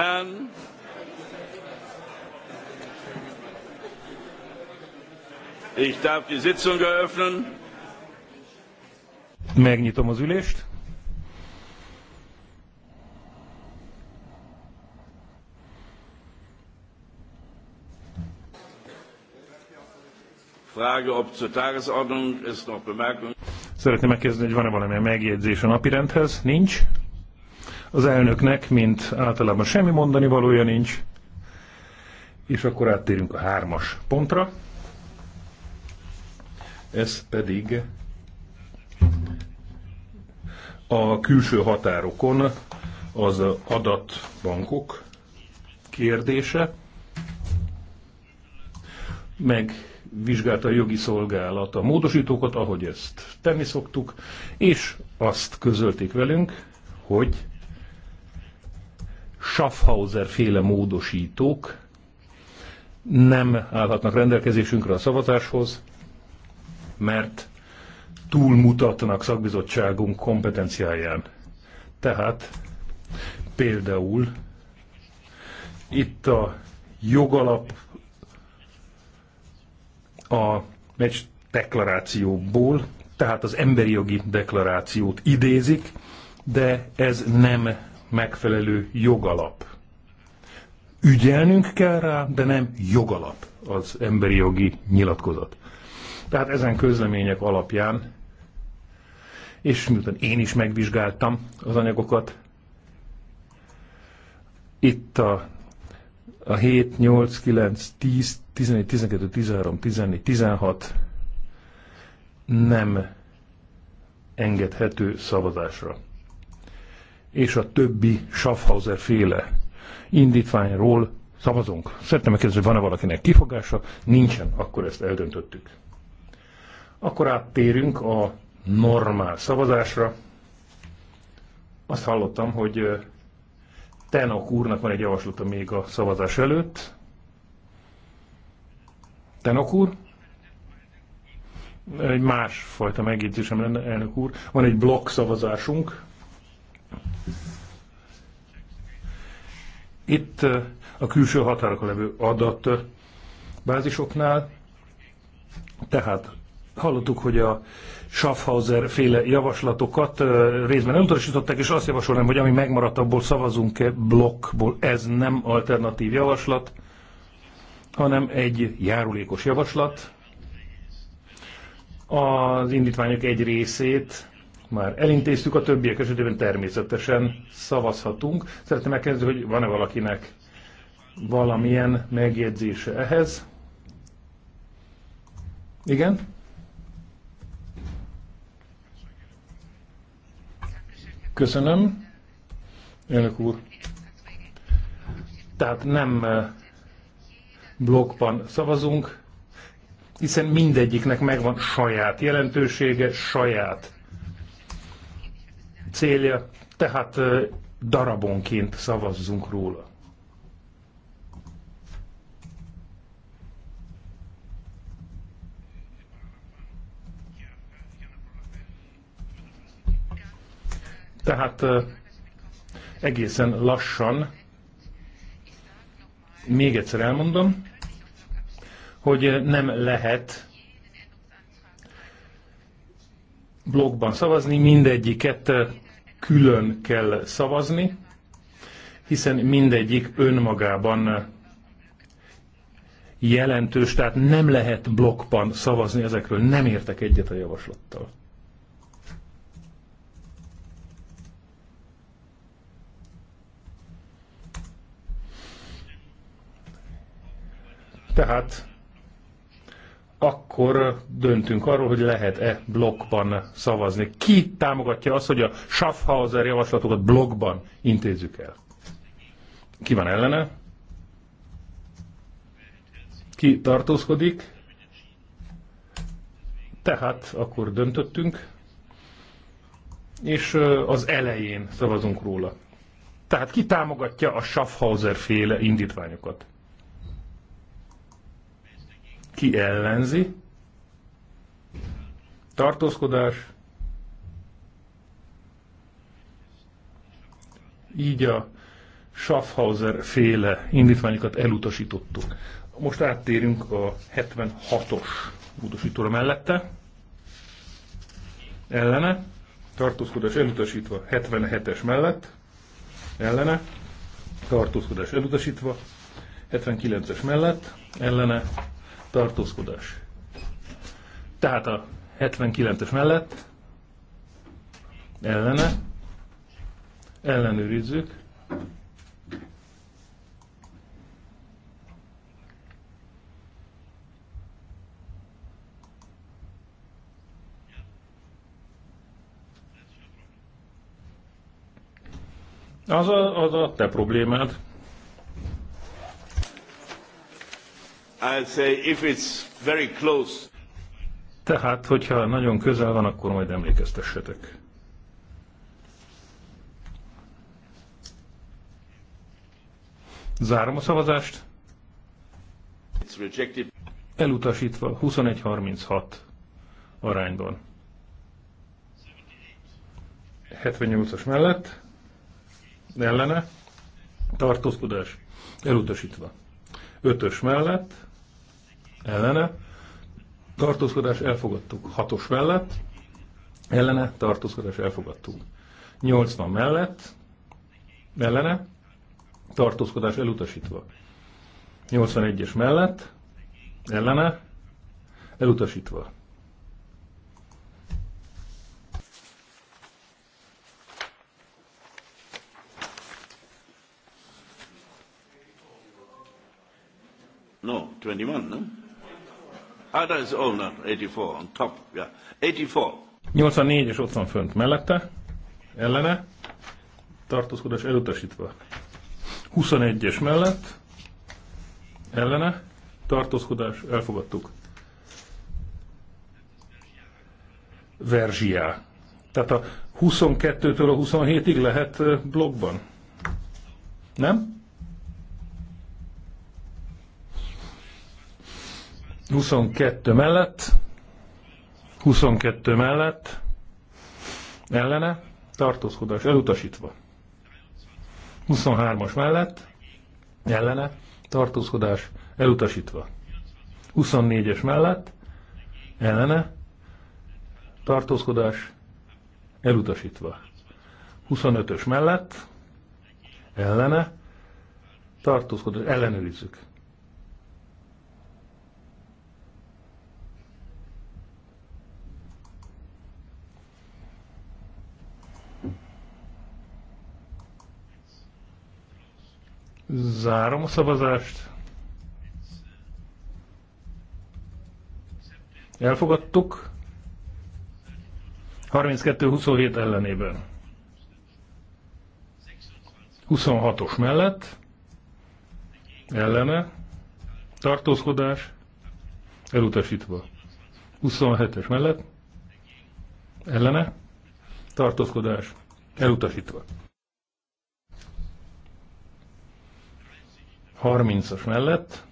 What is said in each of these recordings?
And um, ich darf die Sitzung eröffnen. Megnyitom az ülést. Frage, ob zur Tagesordnung ist noch Bemerkung. Szeretném megkérdezni, hogy van-e valamilyen megjegyzés a napirendhez? Nincs. Az elnöknek, mint általában semmi mondani valója nincs. És akkor áttérünk a hármas pontra. Ez pedig a külső határokon az adatbankok kérdése, vizsgálta a jogi szolgálat a módosítókat, ahogy ezt tenni szoktuk, és azt közölték velünk, hogy Schaffhauser féle módosítók nem állhatnak rendelkezésünkre a szavazáshoz, mert túlmutatnak szakbizottságunk kompetenciáján. Tehát például itt a jogalap a meccs deklarációból, tehát az emberi jogi deklarációt idézik, de ez nem megfelelő jogalap. Ügyelnünk kell rá, de nem jogalap az emberi jogi nyilatkozat. Tehát ezen közlemények alapján, és miután én is megvizsgáltam az anyagokat, itt a, a 7, 8, 9, 10, 11, 12, 13, 14, 16 nem engedhető szavazásra és a többi Schaffhauser féle indítványról szavazunk. Szeretném megkérdezni, van-e valakinek kifogása? Nincsen, akkor ezt eldöntöttük. Akkor áttérünk a normál szavazásra. Azt hallottam, hogy Tenok úrnak van egy javaslata még a szavazás előtt. Tenok úr? Egy másfajta megjegyzésem lenne, elnök úr. Van egy blokk szavazásunk, itt a külső határokon levő adat bázisoknál, tehát hallottuk, hogy a Schaffhauser féle javaslatokat részben elutasították, és azt javasolnám, hogy ami megmaradt, abból szavazunk-e blokkból. Ez nem alternatív javaslat, hanem egy járulékos javaslat. Az indítványok egy részét már elintéztük, a többiek esetében természetesen szavazhatunk. Szeretném megkérdezni, hogy van-e valakinek valamilyen megjegyzése ehhez. Igen? Köszönöm, elnök úr. Tehát nem eh, blokkban szavazunk, hiszen mindegyiknek megvan saját jelentősége, saját célja, tehát darabonként szavazzunk róla. Tehát egészen lassan, még egyszer elmondom, hogy nem lehet blogban szavazni, mindegyiket külön kell szavazni, hiszen mindegyik önmagában jelentős, tehát nem lehet blokkban szavazni ezekről, nem értek egyet a javaslattal. Tehát akkor döntünk arról, hogy lehet-e blokkban szavazni. Ki támogatja azt, hogy a Schaffhauser javaslatokat blokkban intézzük el? Ki van ellene? Ki tartózkodik? Tehát akkor döntöttünk, és az elején szavazunk róla. Tehát ki támogatja a Schaffhauser féle indítványokat? Ki ellenzi? Tartózkodás. Így a Schaffhauser féle indítványokat elutasítottuk. Most áttérünk a 76-os módosítóra mellette. Ellene. Tartózkodás elutasítva 77-es mellett. Ellene. Tartózkodás elutasítva 79-es mellett. Ellene tartózkodás. Tehát a 79-es mellett ellene ellenőrizzük. Az a, az a te problémád. Tehát, hogyha nagyon közel van, akkor majd emlékeztessetek. Zárom a szavazást. Elutasítva 21-36 arányban. 78-as mellett ellene tartózkodás elutasítva. 5-ös mellett ellene, tartózkodás elfogadtuk. 6-os mellett, ellene, tartózkodás elfogadtuk. 80 mellett, ellene, tartózkodás elutasítva. 81-es mellett, ellene, elutasítva. No, 21, nem? No? 84, ah, 84 és ott van fönt. Mellette? Ellene? Tartózkodás elutasítva. 21-es mellett? Ellene? Tartózkodás elfogadtuk. Verzsiá. Tehát a 22-től a 27-ig lehet blogban? Nem? 22 mellett, 22 mellett, ellene, tartózkodás elutasítva. 23-as mellett, ellene, tartózkodás elutasítva. 24-es mellett, ellene, tartózkodás elutasítva. 25-ös mellett, ellene, tartózkodás, ellenőrizzük. Zárom a szavazást. Elfogadtuk. 32-27 ellenében. 26-os mellett. Ellene. Tartózkodás. Elutasítva. 27-es mellett. Ellene. Tartózkodás. Elutasítva. 30-as mellett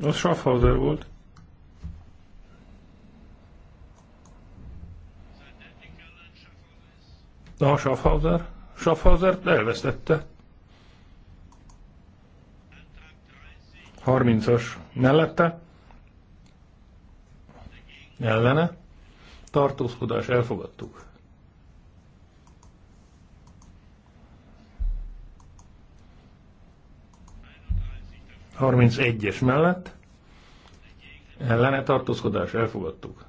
az Schaffhauser volt. Na, Schaffhauser? schaffhauser elvesztette. 30-as mellette. Ellene. Tartózkodás elfogadtuk. 31-es mellett ellene tartózkodás elfogadtuk.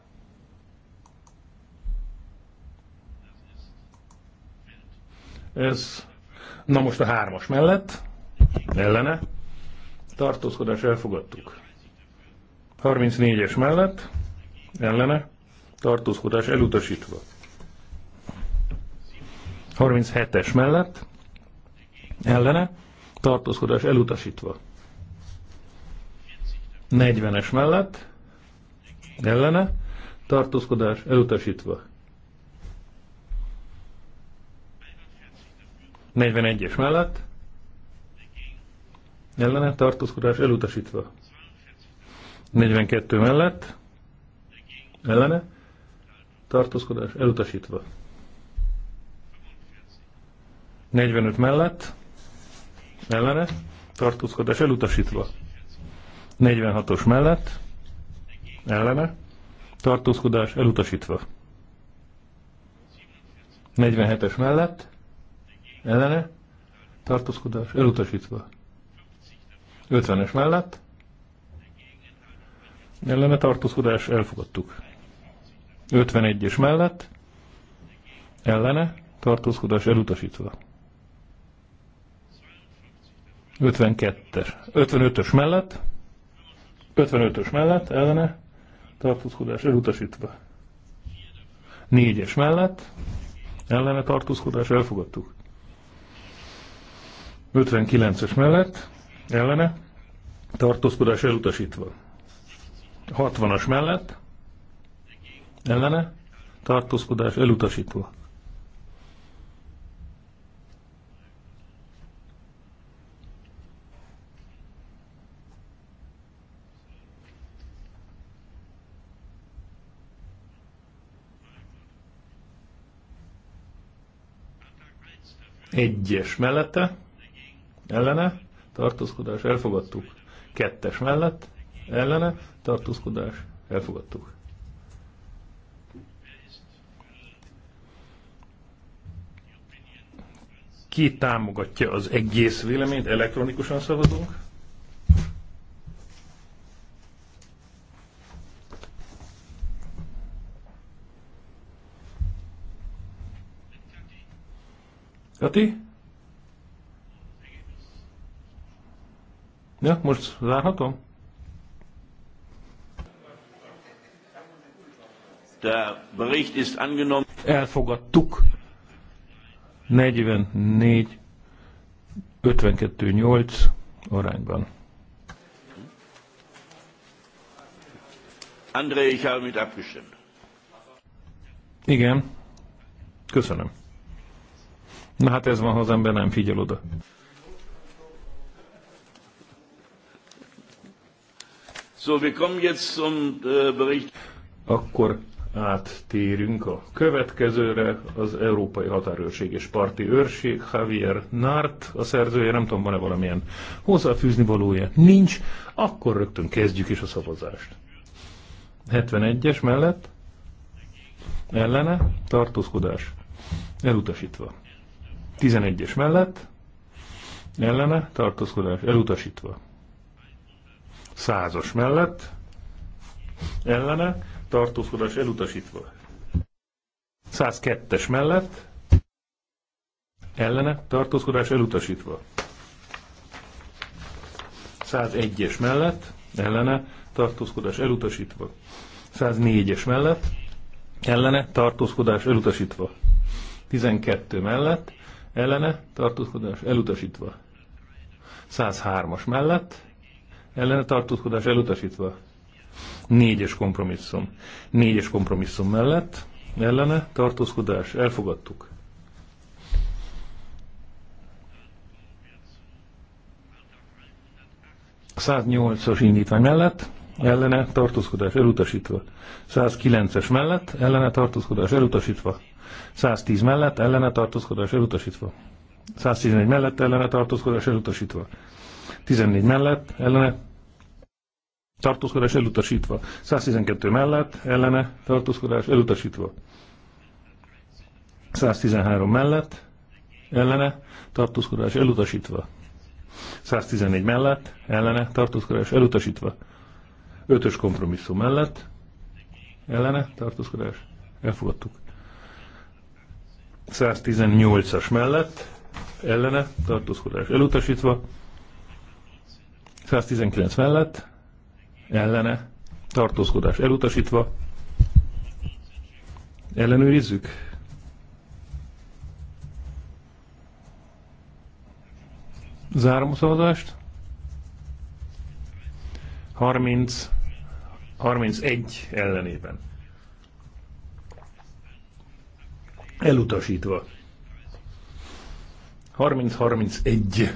Ez, na most a hármas mellett, ellene, tartózkodás elfogadtuk. 34-es mellett, ellene, tartózkodás elutasítva. 37-es mellett, ellene, tartózkodás elutasítva. 40-es mellett ellene tartózkodás elutasítva. 41-es mellett ellene tartózkodás elutasítva. 42 mellett ellene tartózkodás elutasítva. 45 mellett ellene tartózkodás elutasítva. 46-os mellett, ellene, tartózkodás elutasítva. 47-es mellett, ellene, tartózkodás elutasítva. 50-es mellett, ellene tartózkodás elfogadtuk. 51-es mellett, ellene tartózkodás elutasítva. 52-es, 55-ös mellett, 55-ös mellett ellene tartózkodás elutasítva. 4-es mellett ellene tartózkodás elfogadtuk. 59-es mellett ellene tartózkodás elutasítva. 60-as mellett ellene tartózkodás elutasítva. Egyes mellette, ellene, tartózkodás, elfogadtuk. Kettes mellett, ellene, tartózkodás, elfogadtuk. Ki támogatja az egész véleményt? Elektronikusan szavazunk. Kati? Ja, most zárhatom? Der Bericht ist angenommen. Elfogadtuk. 44 52 8 arányban. André, ich habe mit abgestimmt. Igen. Köszönöm. Na hát ez van, ha az ember nem figyel oda. So, wir kommen jetzt zum äh, Bericht. Akkor áttérünk a következőre, az Európai Határőrség és Parti Őrség, Javier Nart. a szerzője, nem tudom, van-e valamilyen hozzáfűzni valója? Nincs, akkor rögtön kezdjük is a szavazást. 71-es mellett, ellene, tartózkodás, elutasítva. 11-es mellett ellene tartózkodás elutasítva. 100-as mellett ellene tartózkodás elutasítva. 102-es mellett ellene tartózkodás elutasítva. 101-es mellett ellene tartózkodás elutasítva. 104-es mellett ellene tartózkodás elutasítva. 12 mellett ellene tartózkodás elutasítva. 103-as mellett ellene tartózkodás elutasítva. 4-es kompromisszum. 4-es kompromisszum mellett ellene tartózkodás elfogadtuk. A 108-as indítvány mellett ellene tartózkodás elutasítva. 109-es mellett ellene tartózkodás elutasítva. 110 mellett ellene tartózkodás elutasítva. 111 mellett ellene tartózkodás elutasítva. 14 mellett ellene tartózkodás elutasítva. 112 mellett ellene tartózkodás elutasítva. 113 mellett ellene tartózkodás elutasítva. 114 mellett ellene tartózkodás elutasítva. 5-ös kompromisszum mellett ellene tartózkodás elfogadtuk. 118-as mellett ellene tartózkodás elutasítva, 119 mellett ellene tartózkodás elutasítva, ellenőrizzük. Zárom a szavazást. 30, 31 ellenében. Elutasítva. 30-31.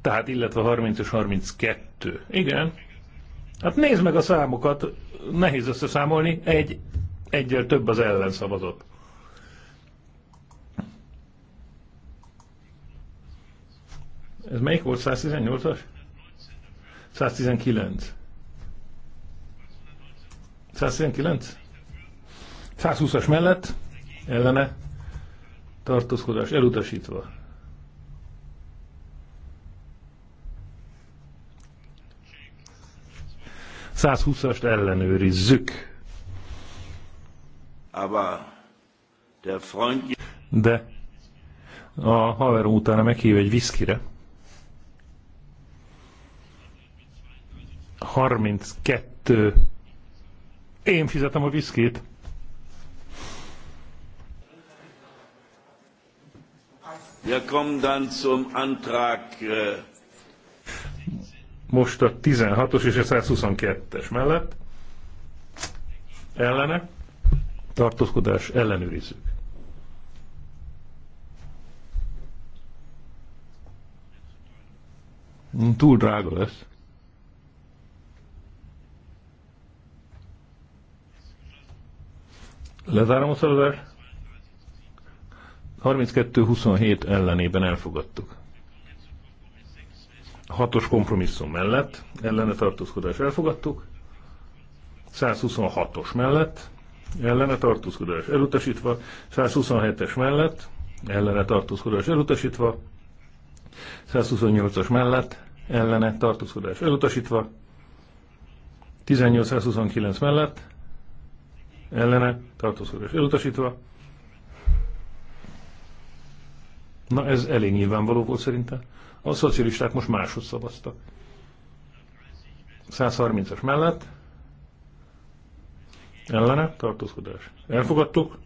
Tehát illetve 30 és 32. Igen. Hát nézd meg a számokat, nehéz összeszámolni, egy, egyel több az ellen szavazott. Ez melyik volt 118-as? 119. 119? 120-as mellett ellene tartózkodás elutasítva. Százhúszast ellenőrizzük. De a haverom utána meghív egy viszkire. 32. Én fizetem a viszkét. Äh, Most a 16-os és a 122-es mellett ellene tartózkodás ellenőrizzük. Mm, túl drága lesz. Lezárom a szavazást. 32-27 ellenében elfogadtuk. A hatos kompromisszum mellett ellene tartózkodás elfogadtuk. 126-os mellett ellene tartózkodás elutasítva, 127-es mellett ellene tartózkodás elutasítva, 128-as mellett ellene tartózkodás elutasítva, 18% 18-129 mellett ellene tartózkodás elutasítva, Na ez elég nyilvánvaló volt szerintem. A szocialisták most máshogy szavaztak. 130-as mellett ellene tartózkodás. Elfogadtuk.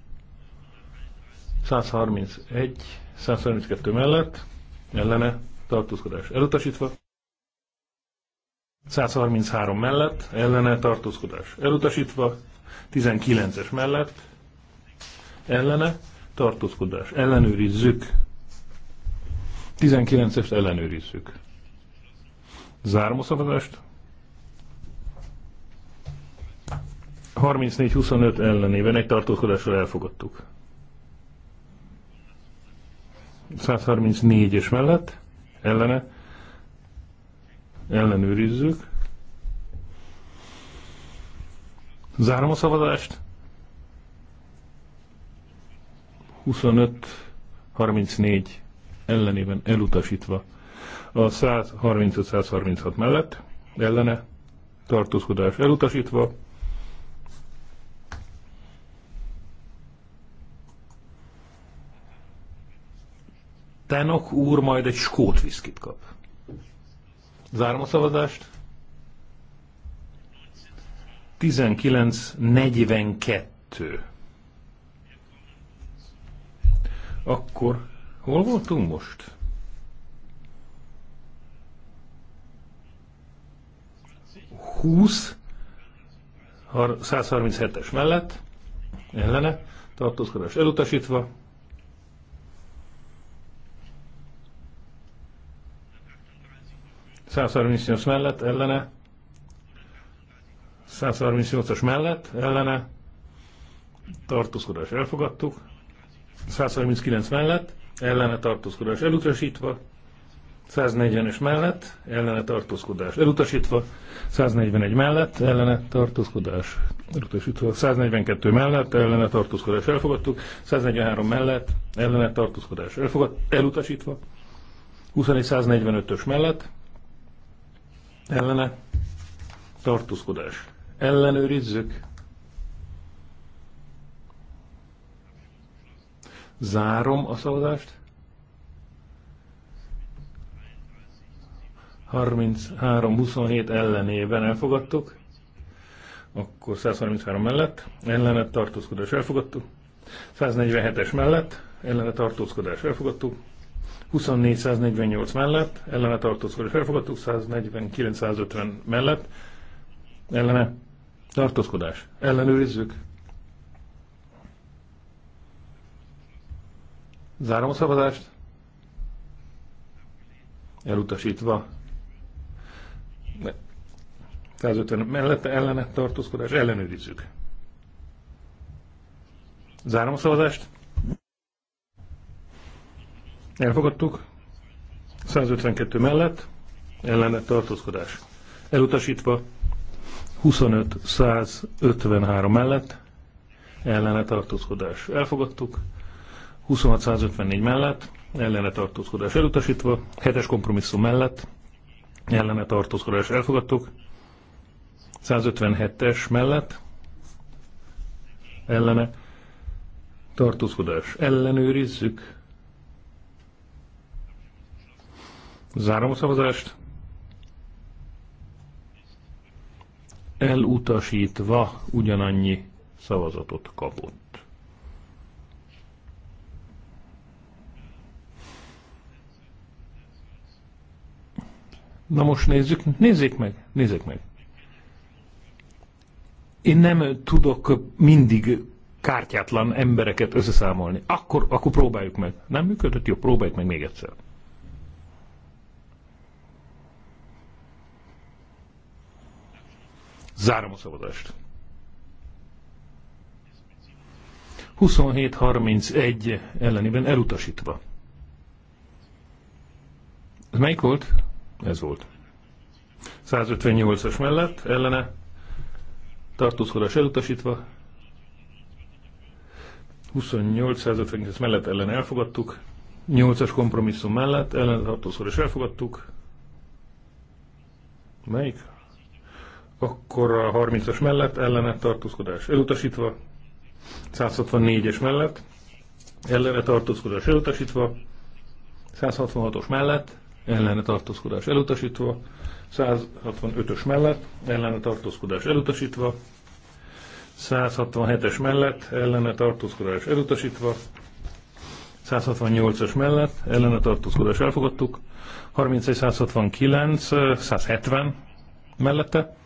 131, 132 mellett ellene tartózkodás. Elutasítva. 133 mellett ellene tartózkodás. Elutasítva. 19-es mellett ellene tartózkodás. Ellenőrizzük 19-est ellenőrizzük. Zárom a szavazást. 34-25 ellenében egy tartózkodással elfogadtuk. 134-es mellett ellene ellenőrizzük. Zárom a szavazást. 25-34 ellenében elutasítva. A 135-136 mellett ellene tartózkodás elutasítva. Tenok úr majd egy skót viszkit kap. Zárom a szavazást. 19.42. Akkor Hol voltunk most? Húsz, 137-es mellett, ellene, tartózkodás elutasítva. ...138 mellett, ellene, 138-as mellett, ellene, tartózkodás elfogadtuk, 139 mellett, ellene tartózkodás elutasítva, 140-es mellett ellene tartózkodás elutasítva, 141 mellett ellene tartózkodás elutasítva, 142 mellett ellene tartózkodás elfogadtuk, 143 mellett ellene tartózkodás elfogad, elutasítva, 21-145-ös mellett ellene tartózkodás. Ellenőrizzük. Zárom a szavazást. 33-27 ellenében elfogadtuk. Akkor 133 mellett. Ellenet tartózkodás elfogadtuk. 147-es mellett. ellenet tartózkodás elfogadtuk. 24-148 mellett. ellenet tartózkodás elfogadtuk. 149-150 mellett. Ellene tartózkodás. Ellenőrizzük. Zárom a szavazást. Elutasítva. 150 mellette ellene tartózkodás, ellenőrizzük. Zárom a szavazást. Elfogadtuk. 152 mellett ellene tartózkodás. Elutasítva. 25-153 mellett ellene tartózkodás. Elfogadtuk. 2654 mellett, ellene tartózkodás elutasítva, hetes kompromisszum mellett, ellene tartózkodás elfogadtuk, 157-es mellett, ellene tartózkodás ellenőrizzük. Zárom a szavazást. Elutasítva ugyanannyi szavazatot kapott. Na most nézzük, nézzék meg, nézzék meg. Én nem tudok mindig kártyátlan embereket összeszámolni. Akkor, akkor próbáljuk meg. Nem működött? Jó, próbáljuk meg még egyszer. Zárom a szavazást. 27-31 ellenében elutasítva. Ez melyik volt? Ez volt. 158-as mellett, ellene, tartózkodás elutasítva, 28-159 mellett ellen elfogadtuk, 8-as kompromisszum mellett ellen tartózkodás elfogadtuk, melyik? Akkor a 30-as mellett ellene tartózkodás elutasítva, 164-es mellett ellene tartózkodás elutasítva, 166-os mellett ellene tartózkodás elutasítva, 165-ös mellett ellene tartózkodás elutasítva, 167-es mellett ellene tartózkodás elutasítva, 168-as mellett ellene tartózkodás elfogadtuk, 31-169, 170 mellette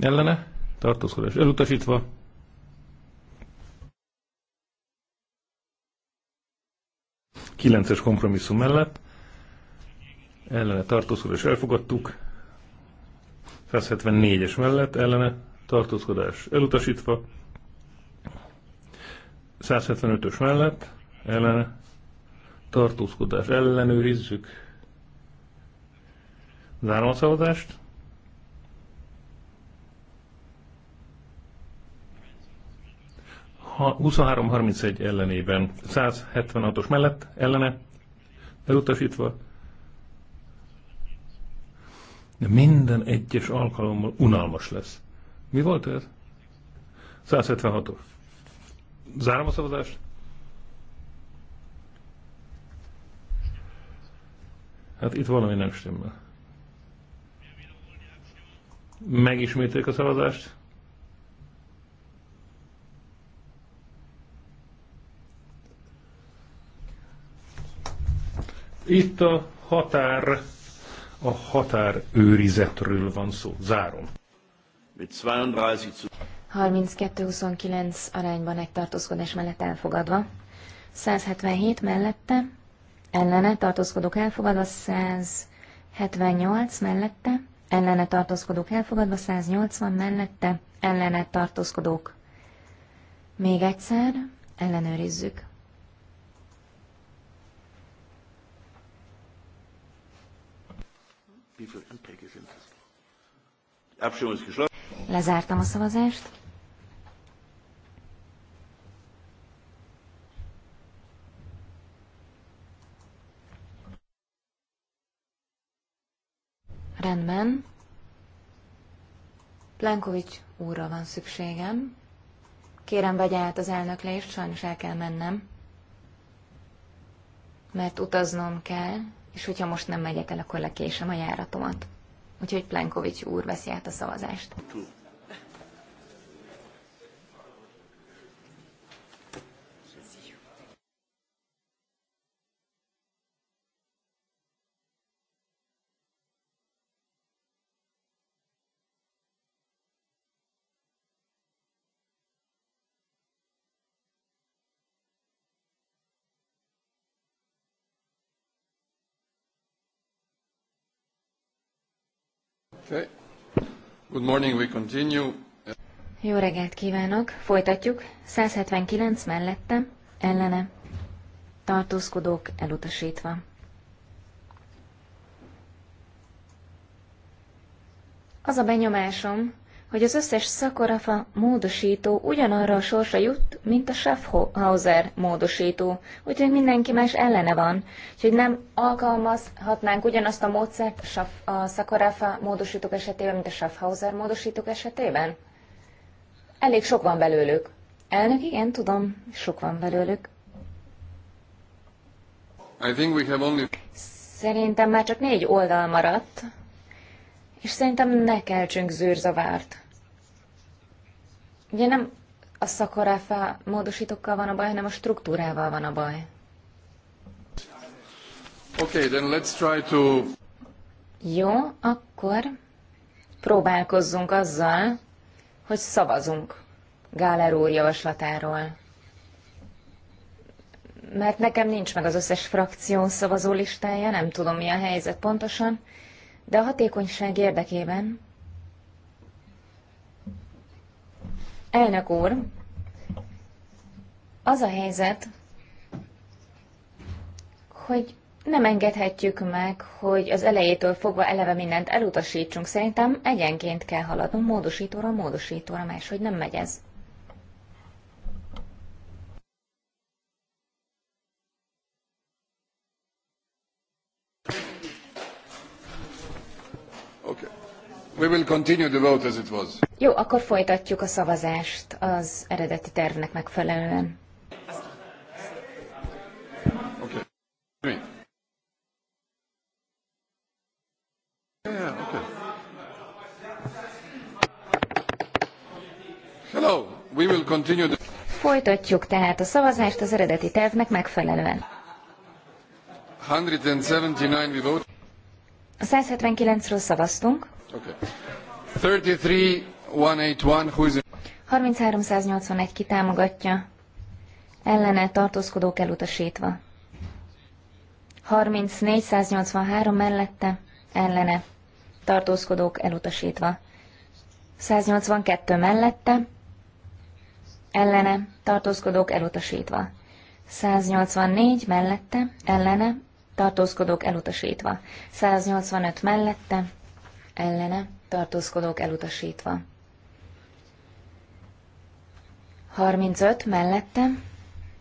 ellene tartózkodás elutasítva, kilences kompromisszum mellett, ellene tartózkodás elfogadtuk, 174-es mellett ellene tartózkodás elutasítva, 175-ös mellett ellene tartózkodás ellenőrizzük. Zárom a szavazást. Ha 23-31 ellenében 176-os mellett ellene elutasítva, de minden egyes alkalommal unalmas lesz. Mi volt ez? 176-os. Zárom a szavazást? Hát itt valami nem stimmel. Megismételjük a szavazást. Itt a határ a határőrizetről van szó. Zárom. 32-29 arányban egy tartózkodás mellett elfogadva. 177 mellette, ellene tartózkodók elfogadva, 178 mellette, ellene tartózkodók elfogadva, 180 mellette, ellene tartózkodók. Még egyszer ellenőrizzük. Lezártam a szavazást. Rendben. Plenkovics úrra van szükségem. Kérem, vegye át az elnöklést, sajnos el kell mennem, mert utaznom kell, és hogyha most nem megyek el, akkor lekésem a járatomat. Úgyhogy Plenkovics úr veszi át a szavazást. Okay. Good morning, we continue. Jó reggelt kívánok! Folytatjuk. 179 mellette, ellene. Tartózkodók elutasítva. Az a benyomásom, hogy az összes Szakorafa módosító ugyanarra a sorsa jut, mint a Schaffhauser módosító, úgyhogy mindenki más ellene van, úgyhogy nem alkalmazhatnánk ugyanazt a módszert a Szakorafa módosítók esetében, mint a Schaffhauser módosítók esetében? Elég sok van belőlük. Elnök, igen, tudom, sok van belőlük. I think we have only... Szerintem már csak négy oldal maradt és szerintem ne keltsünk zűrzavárt. Ugye nem a szakoráfa módosítókkal van a baj, hanem a struktúrával van a baj. Okay, then let's try to... Jó, akkor próbálkozzunk azzal, hogy szavazunk Gáler úr javaslatáról. Mert nekem nincs meg az összes frakció szavazólistája, nem tudom mi a helyzet pontosan, de a hatékonyság érdekében elnök úr, az a helyzet, hogy nem engedhetjük meg, hogy az elejétől fogva eleve mindent elutasítsunk. Szerintem egyenként kell haladnunk módosítóra, módosítóra, máshogy nem megy ez. We will continue the vote as it was. Jó, akkor folytatjuk a szavazást az eredeti tervnek megfelelően. Okay. Yeah, okay. Hello, we will continue the... Folytatjuk tehát a szavazást az eredeti tervnek megfelelően. 179 we vote. 179-ről szavaztunk is... 3381 ki támogatja, ellene tartózkodók elutasítva. 3483 mellette, ellene tartózkodók elutasítva. 182 mellette, ellene tartózkodók elutasítva. 184 mellette, ellene tartózkodók elutasítva. 185 mellette, ellene, tartózkodók elutasítva. 35 mellette,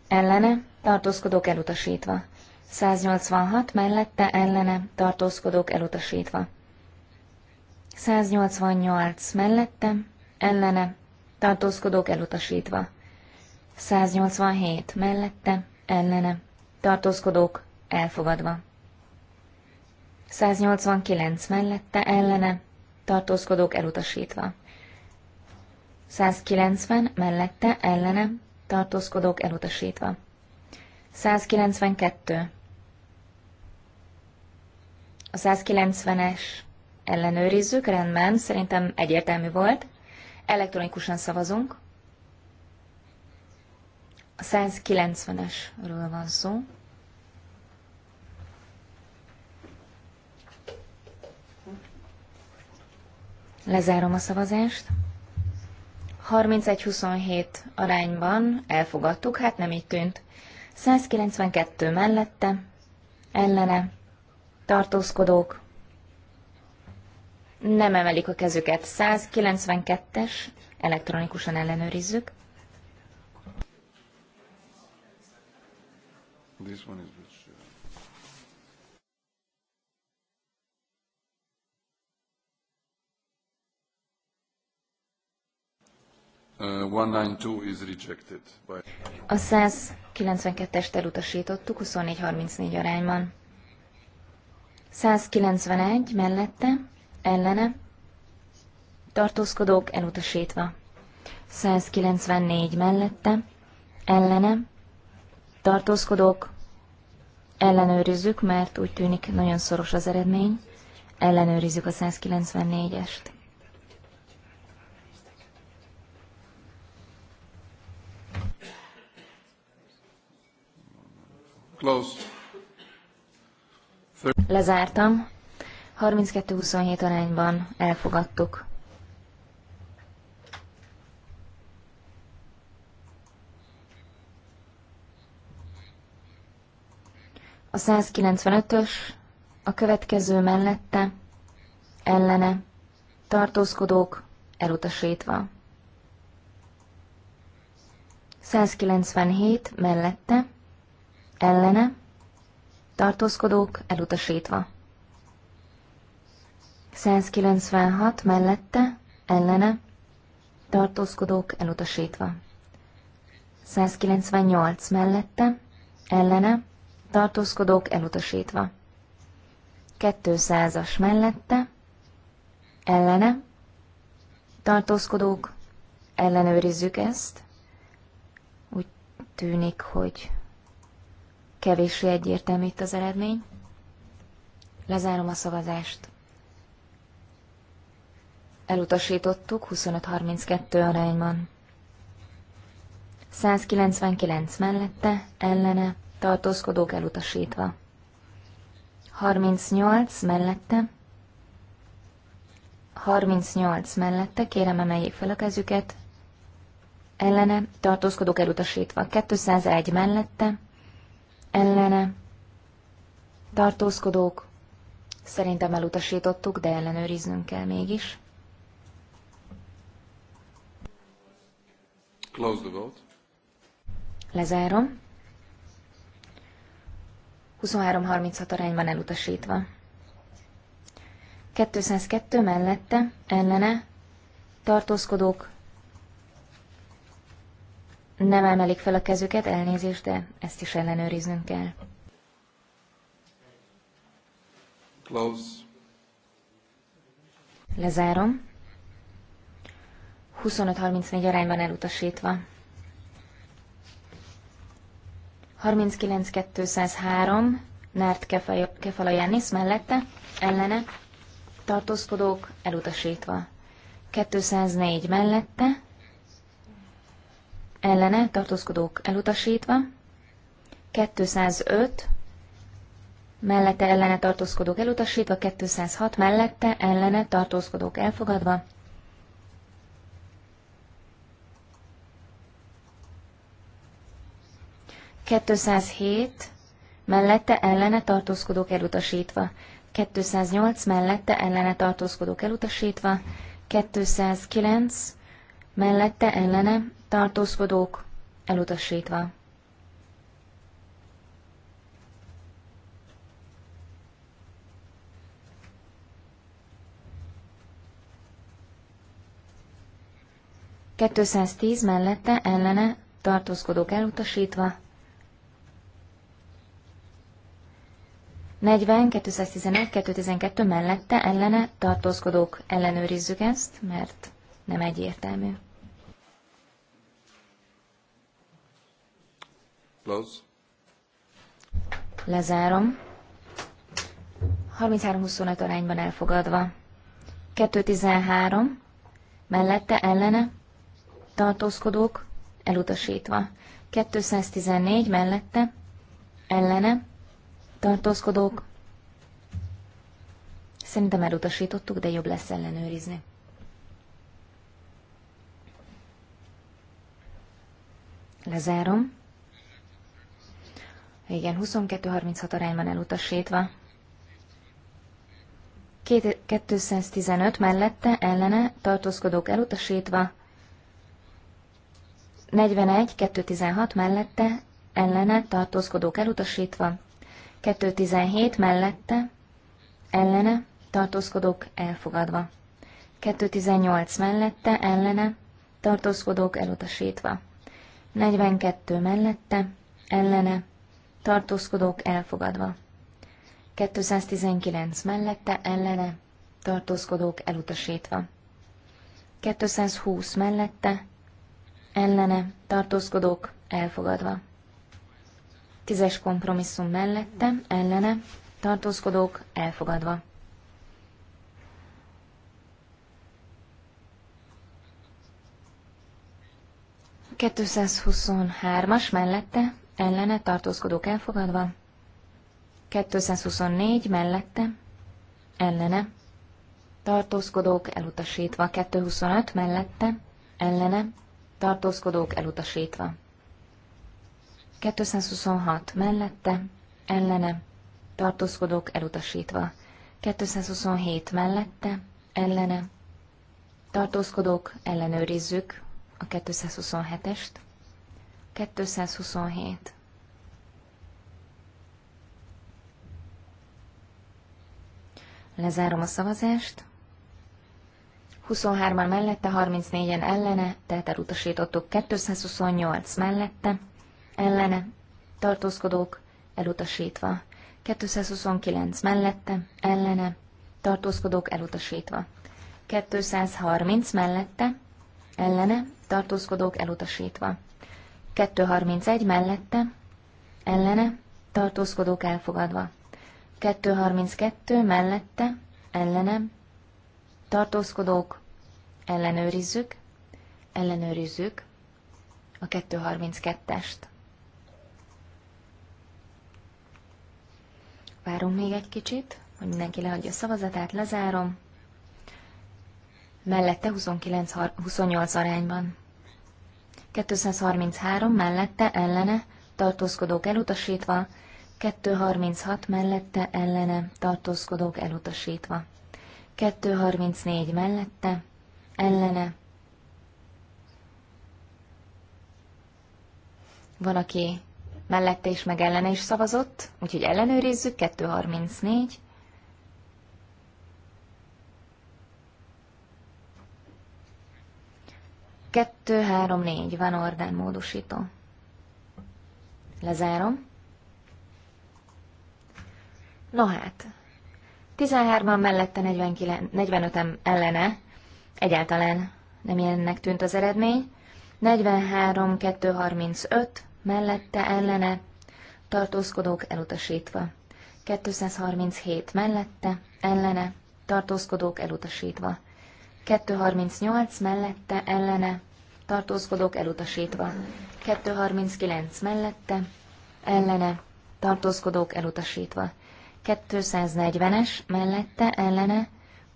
ellene, tartózkodók elutasítva. 186 mellette, ellene, tartózkodók elutasítva. 188 mellette, ellene, tartózkodók elutasítva. 187 mellette, ellene, tartózkodók elfogadva. 189 mellette ellene, tartózkodók elutasítva. 190 mellette ellene, tartózkodók elutasítva. 192. A 190-es ellenőrizzük, rendben, szerintem egyértelmű volt. Elektronikusan szavazunk. A 190-esről van szó. Lezárom a szavazást. 31-27 arányban elfogadtuk, hát nem így tűnt. 192 mellette, ellene, tartózkodók, nem emelik a kezüket. 192-es, elektronikusan ellenőrizzük. This one is 192 uh, is A 192-est elutasítottuk 24-34 arányban. 191 mellette, ellene, tartózkodók elutasítva. 194 mellette, ellene, tartózkodók, ellenőrizzük, mert úgy tűnik nagyon szoros az eredmény, ellenőrizzük a 194-est. Lezártam. 32-27 arányban elfogadtuk. A 195-ös, a következő mellette, ellene, tartózkodók, elutasítva. 197 mellette, ellene, tartózkodók elutasítva. 196 mellette, ellene, tartózkodók elutasítva. 198 mellette, ellene, tartózkodók elutasítva. 200-as mellette, ellene, tartózkodók, ellenőrizzük ezt. Úgy tűnik, hogy Kevéssé egyértelmű itt az eredmény. Lezárom a szavazást. Elutasítottuk 25-32 arányban. 199 mellette, ellene, tartózkodók elutasítva. 38 mellette, 38 mellette, kérem emeljék fel a kezüket, ellene, tartózkodók elutasítva. 201 mellette, ellene, tartózkodók, szerintem elutasítottuk, de ellenőriznünk kell mégis. Close the vote. Lezárom. 23,36 36 arányban elutasítva. 202 mellette, ellene, tartózkodók, nem emelik fel a kezüket, elnézést, de ezt is ellenőriznünk kell. Close. Lezárom. 25-34 arányban elutasítva. 39-203, Nárt Kefala Jánisz mellette, ellene, tartózkodók elutasítva. 204 mellette, ellene tartózkodók elutasítva, 205 mellette ellene tartózkodók elutasítva, 206 mellette ellene tartózkodók elfogadva, 207. mellette ellene tartózkodók elutasítva, 208 mellette ellene tartózkodók elutasítva, 209 mellette ellene tartózkodók elutasítva. Kettőszáztíz mellette ellene tartózkodók elutasítva. 40, 211, 212 mellette ellene tartózkodók ellenőrizzük ezt, mert nem egyértelmű. Close. Lezárom. 33-25 arányban elfogadva. 213. Mellette ellene. Tartózkodók. Elutasítva. 214 mellette. Ellene. Tartózkodók. Szerintem elutasítottuk, de jobb lesz ellenőrizni. Lezárom. Igen, 22-36 arányban elutasítva. 215 mellette, ellene, tartózkodók elutasítva. 41-216 mellette, ellene, tartózkodók elutasítva. 217 mellette, ellene, tartózkodók elfogadva. 218 mellette, ellene, tartózkodók elutasítva. 42 mellette, ellene, tartózkodók elfogadva. 219 mellette ellene tartózkodók elutasítva. 220 mellette ellene tartózkodók elfogadva. Tízes kompromisszum mellette ellene tartózkodók elfogadva. 223-as mellette ellene tartózkodók elfogadva, 224 mellette, ellene, tartózkodók elutasítva, 225 mellette, ellene, tartózkodók elutasítva. 226 mellette, ellene, tartózkodók elutasítva. 227 mellette, ellene, tartózkodók ellenőrizzük a 227-est. 227. Lezárom a szavazást. 23-an mellette, 34-en ellene, tehát elutasítottuk 228 mellette, ellene, tartózkodók, elutasítva. 229 mellette, ellene, tartózkodók, elutasítva. 230 mellette, ellene, tartózkodók, elutasítva. 231 mellette, ellene, tartózkodók elfogadva. 232 mellette, ellenem, tartózkodók, ellenőrizzük, ellenőrizzük a 232-est. Várunk még egy kicsit, hogy mindenki leadja a szavazatát, lezárom. Mellette 29-28 arányban 233 mellette ellene tartózkodók elutasítva, 236 mellette ellene tartózkodók elutasítva, 234 mellette ellene Van, aki mellette és meg ellene is szavazott, úgyhogy ellenőrizzük, 234. Kettő, három, négy. Van Ordán módosító. Lezárom. No hát, 13-an mellette 49, 45 em ellene, egyáltalán nem ilyennek tűnt az eredmény, 43-235 mellette ellene, tartózkodók elutasítva, 237 mellette ellene, tartózkodók elutasítva, 238 mellette ellene tartózkodók elutasítva. 239 mellette ellene tartózkodók elutasítva. 240-es mellette ellene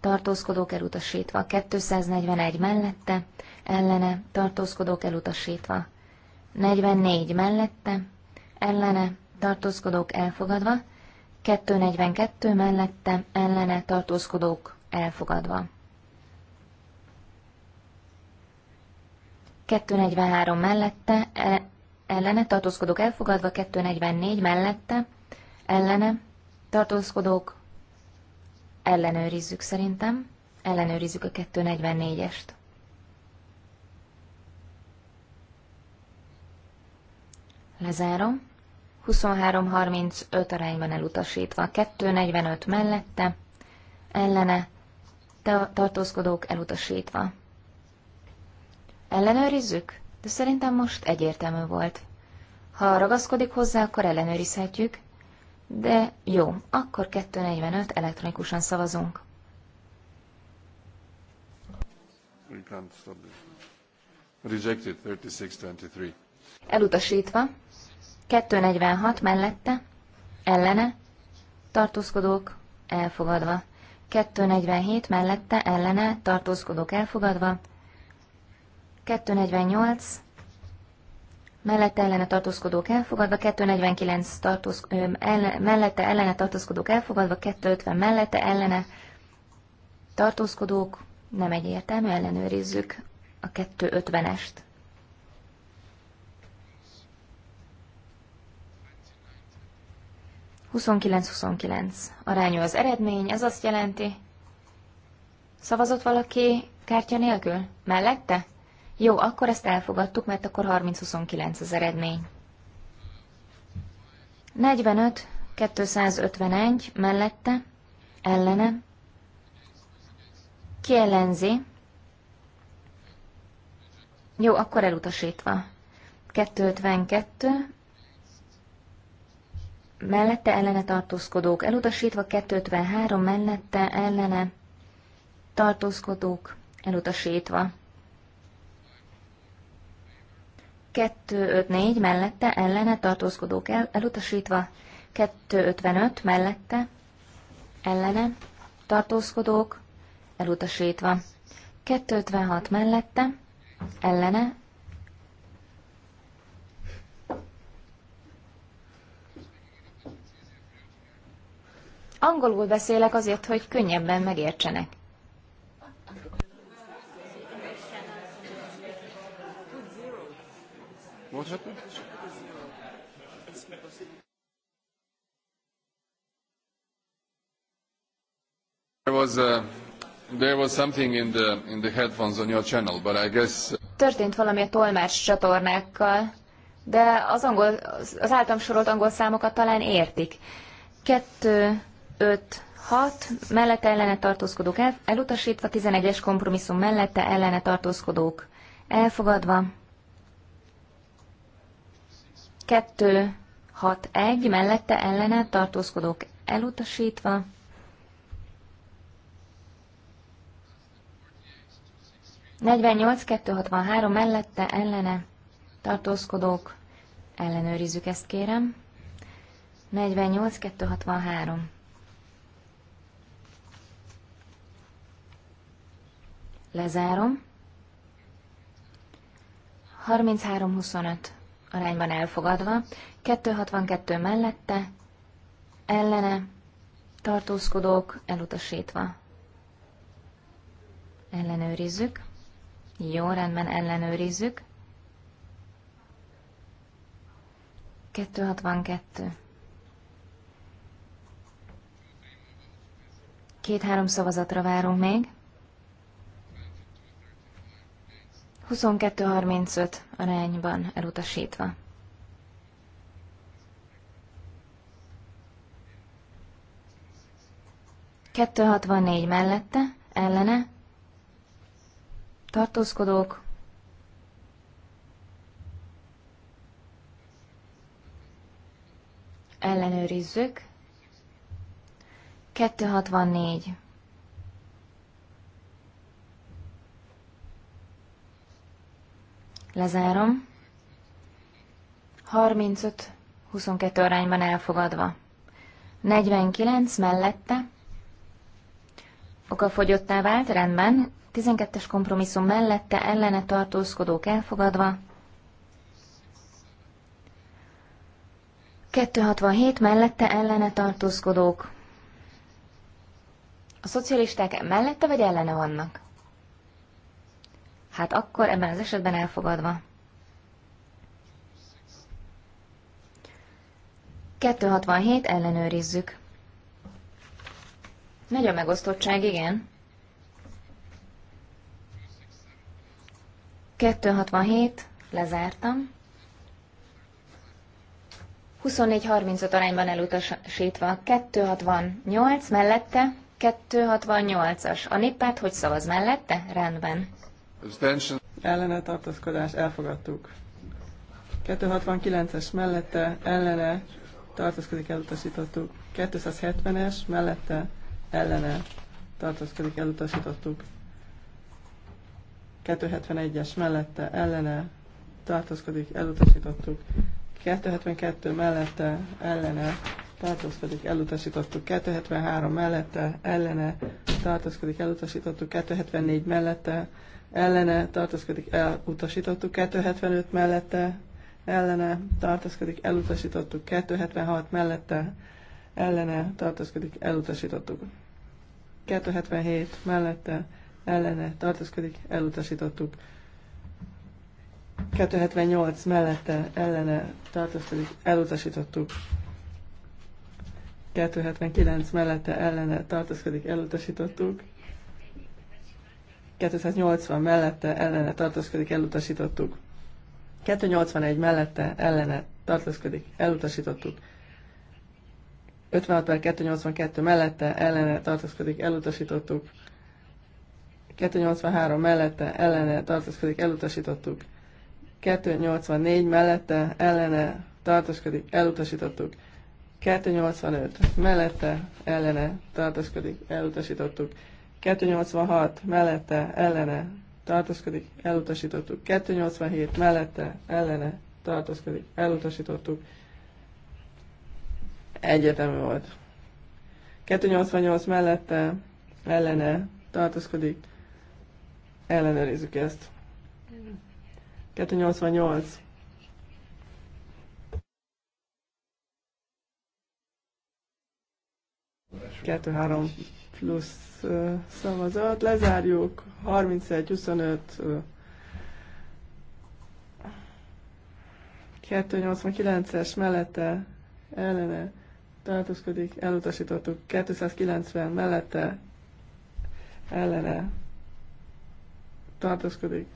tartózkodók elutasítva. 241 mellette ellene tartózkodók elutasítva. 44 mellette ellene tartózkodók elfogadva. 242 mellette ellene tartózkodók elfogadva. 243 mellette, e, ellene tartózkodók elfogadva, 244 mellette, ellene tartózkodók ellenőrizzük szerintem, ellenőrizzük a 244-est. Lezárom. 2335 arányban elutasítva, 245 mellette, ellene tartózkodók elutasítva. Ellenőrizzük? De szerintem most egyértelmű volt. Ha ragaszkodik hozzá, akkor ellenőrizhetjük. De jó, akkor 245 elektronikusan szavazunk. Rejected 3623. Elutasítva. 246 mellette. Ellene. Tartózkodók elfogadva. 247 mellette ellene tartózkodók elfogadva, 248 mellette ellene tartózkodók elfogadva, 249 tartózk, ö, ellen, mellette ellene tartózkodók elfogadva, 250 mellette ellene tartózkodók, nem egyértelmű, ellenőrizzük a 250-est. huszonkilenc Arányú az eredmény, ez azt jelenti. Szavazott valaki kártya nélkül? Mellette? Jó, akkor ezt elfogadtuk, mert akkor 30-29 az eredmény. 45, 251 mellette, ellene, ki Jó, akkor elutasítva. 252, mellette ellene tartózkodók elutasítva, 253 mellette ellene tartózkodók elutasítva. 254 mellette ellene tartózkodók el, elutasítva, 255 mellette ellene tartózkodók elutasítva, 256 mellette ellene Angolul beszélek azért, hogy könnyebben megértsenek. What uh, uh, Történt valami a tolmács csatornákkal, de az angol, az általam sorolt angol számokat talán értik. Kettő, öt, 6 mellette ellene tartózkodók el, elutasítva, 11-es kompromisszum mellette ellene tartózkodók elfogadva, 261 mellette ellene tartózkodók elutasítva. 48-263 mellette ellene tartózkodók, ellenőrizzük ezt kérem. 48-263. Lezárom. 33 arányban elfogadva, 262 mellette, ellene, tartózkodók elutasítva. Ellenőrizzük. Jó, rendben, ellenőrizzük. 262. Két-három szavazatra várunk még. 22-35 arányban elutasítva. Kettő négy mellette, ellene, tartózkodók, ellenőrizzük, 264. Lezárom. 35-22 arányban elfogadva. 49 mellette. Oka fogyottá vált, rendben. 12-es kompromisszum mellette ellene tartózkodók elfogadva. 267 mellette ellene tartózkodók. A szocialisták mellette vagy ellene vannak? Hát akkor ebben az esetben elfogadva. 267 ellenőrizzük. Nagy a megosztottság, igen. 267, lezártam. 24-35 arányban elutasítva. 268 mellette, 268-as. A néppárt hogy szavaz mellette? Rendben. Ellene tartózkodás elfogadtuk. 269-es mellette ellene tartózkodik elutasítottuk. 270-es mellette ellene tartózkodik elutasítottuk. 271-es mellette ellene tartózkodik elutasítottuk. 272 mellette ellene tartózkodik, elutasítottuk 273 mellette, ellene tartózkodik, elutasítottuk 274 mellette, ellene tartózkodik, elutasítottuk 275 mellette, ellene tartózkodik, elutasítottuk 276 mellette, ellene tartózkodik, elutasítottuk 277 mellette, ellene tartózkodik, elutasítottuk 278 mellette, ellene tartózkodik, elutasítottuk 279 mellette, ellene tartózkodik, elutasítottuk 280 mellette ellene tartózkodik, elutasítottuk. 281 mellette ellene tartózkodik, elutasítottuk. 56 per 282 mellette ellene tartózkodik, elutasítottuk. 283 mellette ellene tartózkodik, elutasítottuk. 284 mellette ellene tartózkodik, elutasítottuk. 285 mellette ellene tartózkodik, elutasítottuk. 286 mellette, ellene, tartózkodik, elutasítottuk. 287 mellette, ellene, tartózkodik, elutasítottuk. Egyetemű volt. 288 mellette, ellene, tartózkodik, ellenőrizzük ezt. 288. Kettő, három plusz szavazat. Lezárjuk 31-25 289-es mellette ellene tartózkodik, elutasítottuk 290 mellette ellene tartózkodik.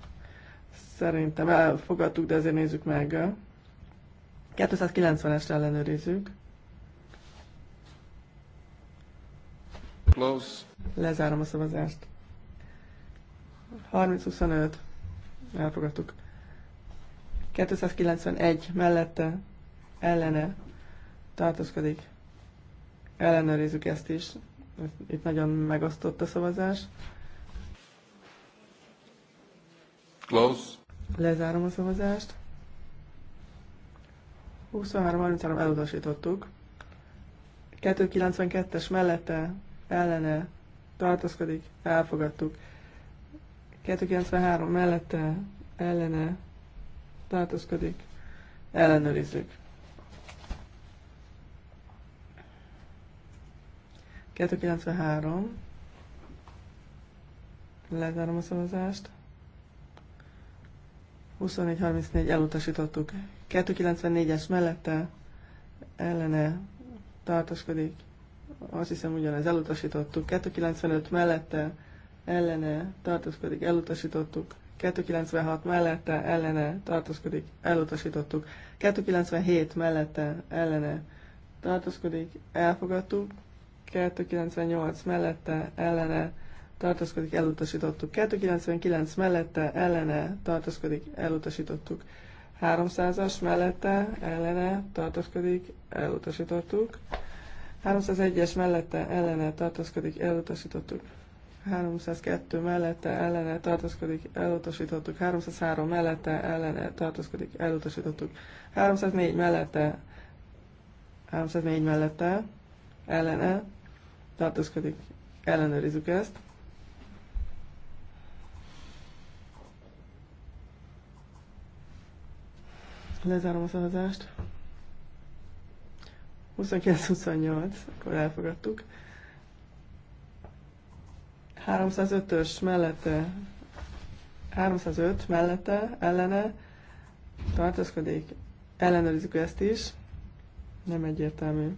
Szerintem elfogadtuk, de ezért nézzük meg. 290-est ellenőrizzük. Close. Lezárom a szavazást. 30-25. Elfogadtuk. 291 mellette ellene tartózkodik. Ellenőrizzük ezt is. Itt nagyon megosztott a szavazás. Close. Lezárom a szavazást. 23-33 elutasítottuk. 292-es mellette ellene tartózkodik, elfogadtuk. 293 mellette ellene tartózkodik, ellenőrizzük. 293 lezárom a szavazást. 24-34 elutasítottuk. 294-es mellette ellene tartózkodik, azt hiszem ugyanez elutasítottuk, 295 mellette ellene tartózkodik, elutasítottuk, 296 mellette ellene tartózkodik, elutasítottuk, 297 mellette ellene tartózkodik, elfogadtuk, 298 mellette ellene tartózkodik, elutasítottuk, 299 mellette ellene tartózkodik, elutasítottuk, 300-as mellette ellene tartózkodik, elutasítottuk, 301-es mellette ellene tartózkodik, elutasítottuk. 302 mellette ellene tartózkodik, elutasítottuk. 303 mellette ellene tartózkodik, elutasítottuk. 304 mellette 304 mellette ellene tartózkodik, ellenőrizzük ezt. Lezárom a szavazást. 29-28, akkor elfogadtuk. 305-ös mellette, 305 mellette, ellene tartózkodik, ellenőrizzük ezt is, nem egyértelmű.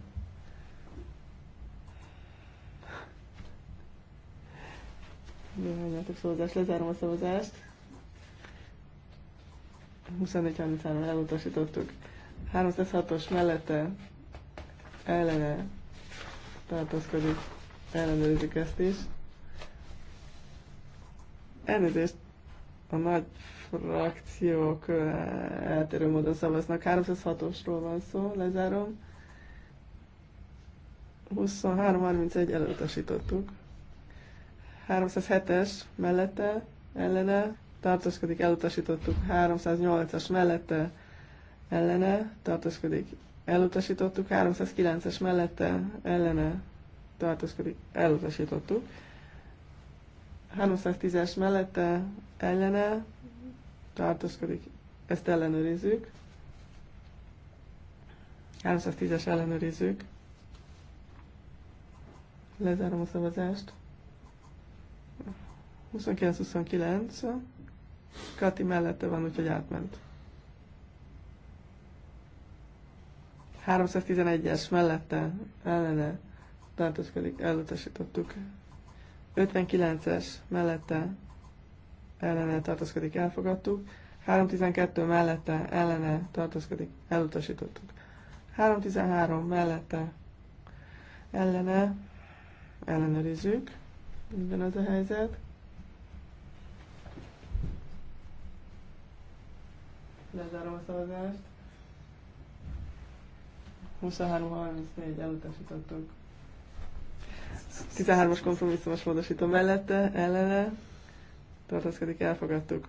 átok szavazást, lezárom a szavazást. 24-33 elutasítottuk. 306-os mellette ellene tartózkodik, ellenőrizik ezt is. Elnézést a nagy frakciók eltérő módon szavaznak. 306-osról van szó, lezárom. 23-31 elutasítottuk. 307-es mellette, ellene, tartózkodik, elutasítottuk. 308-as mellette, ellene, tartózkodik, elutasítottuk, 309-es mellette ellene tartózkodik, elutasítottuk. 310-es mellette ellene tartózkodik, ezt ellenőrizzük. 310-es ellenőrizzük. Lezárom a szavazást. 29-29. Kati mellette van, úgyhogy átment. 311-es mellette ellene tartózkodik, elutasítottuk. 59-es mellette ellene tartózkodik, elfogadtuk. 312 mellette ellene tartózkodik, elutasítottuk. 313 mellette ellene ellenőrizzük. minden az a helyzet. Lezárom a szavazást. 23-34 elutasítottuk. 13-as kompromisszumos módosító mellette, ellene tartózkodik, elfogadtuk.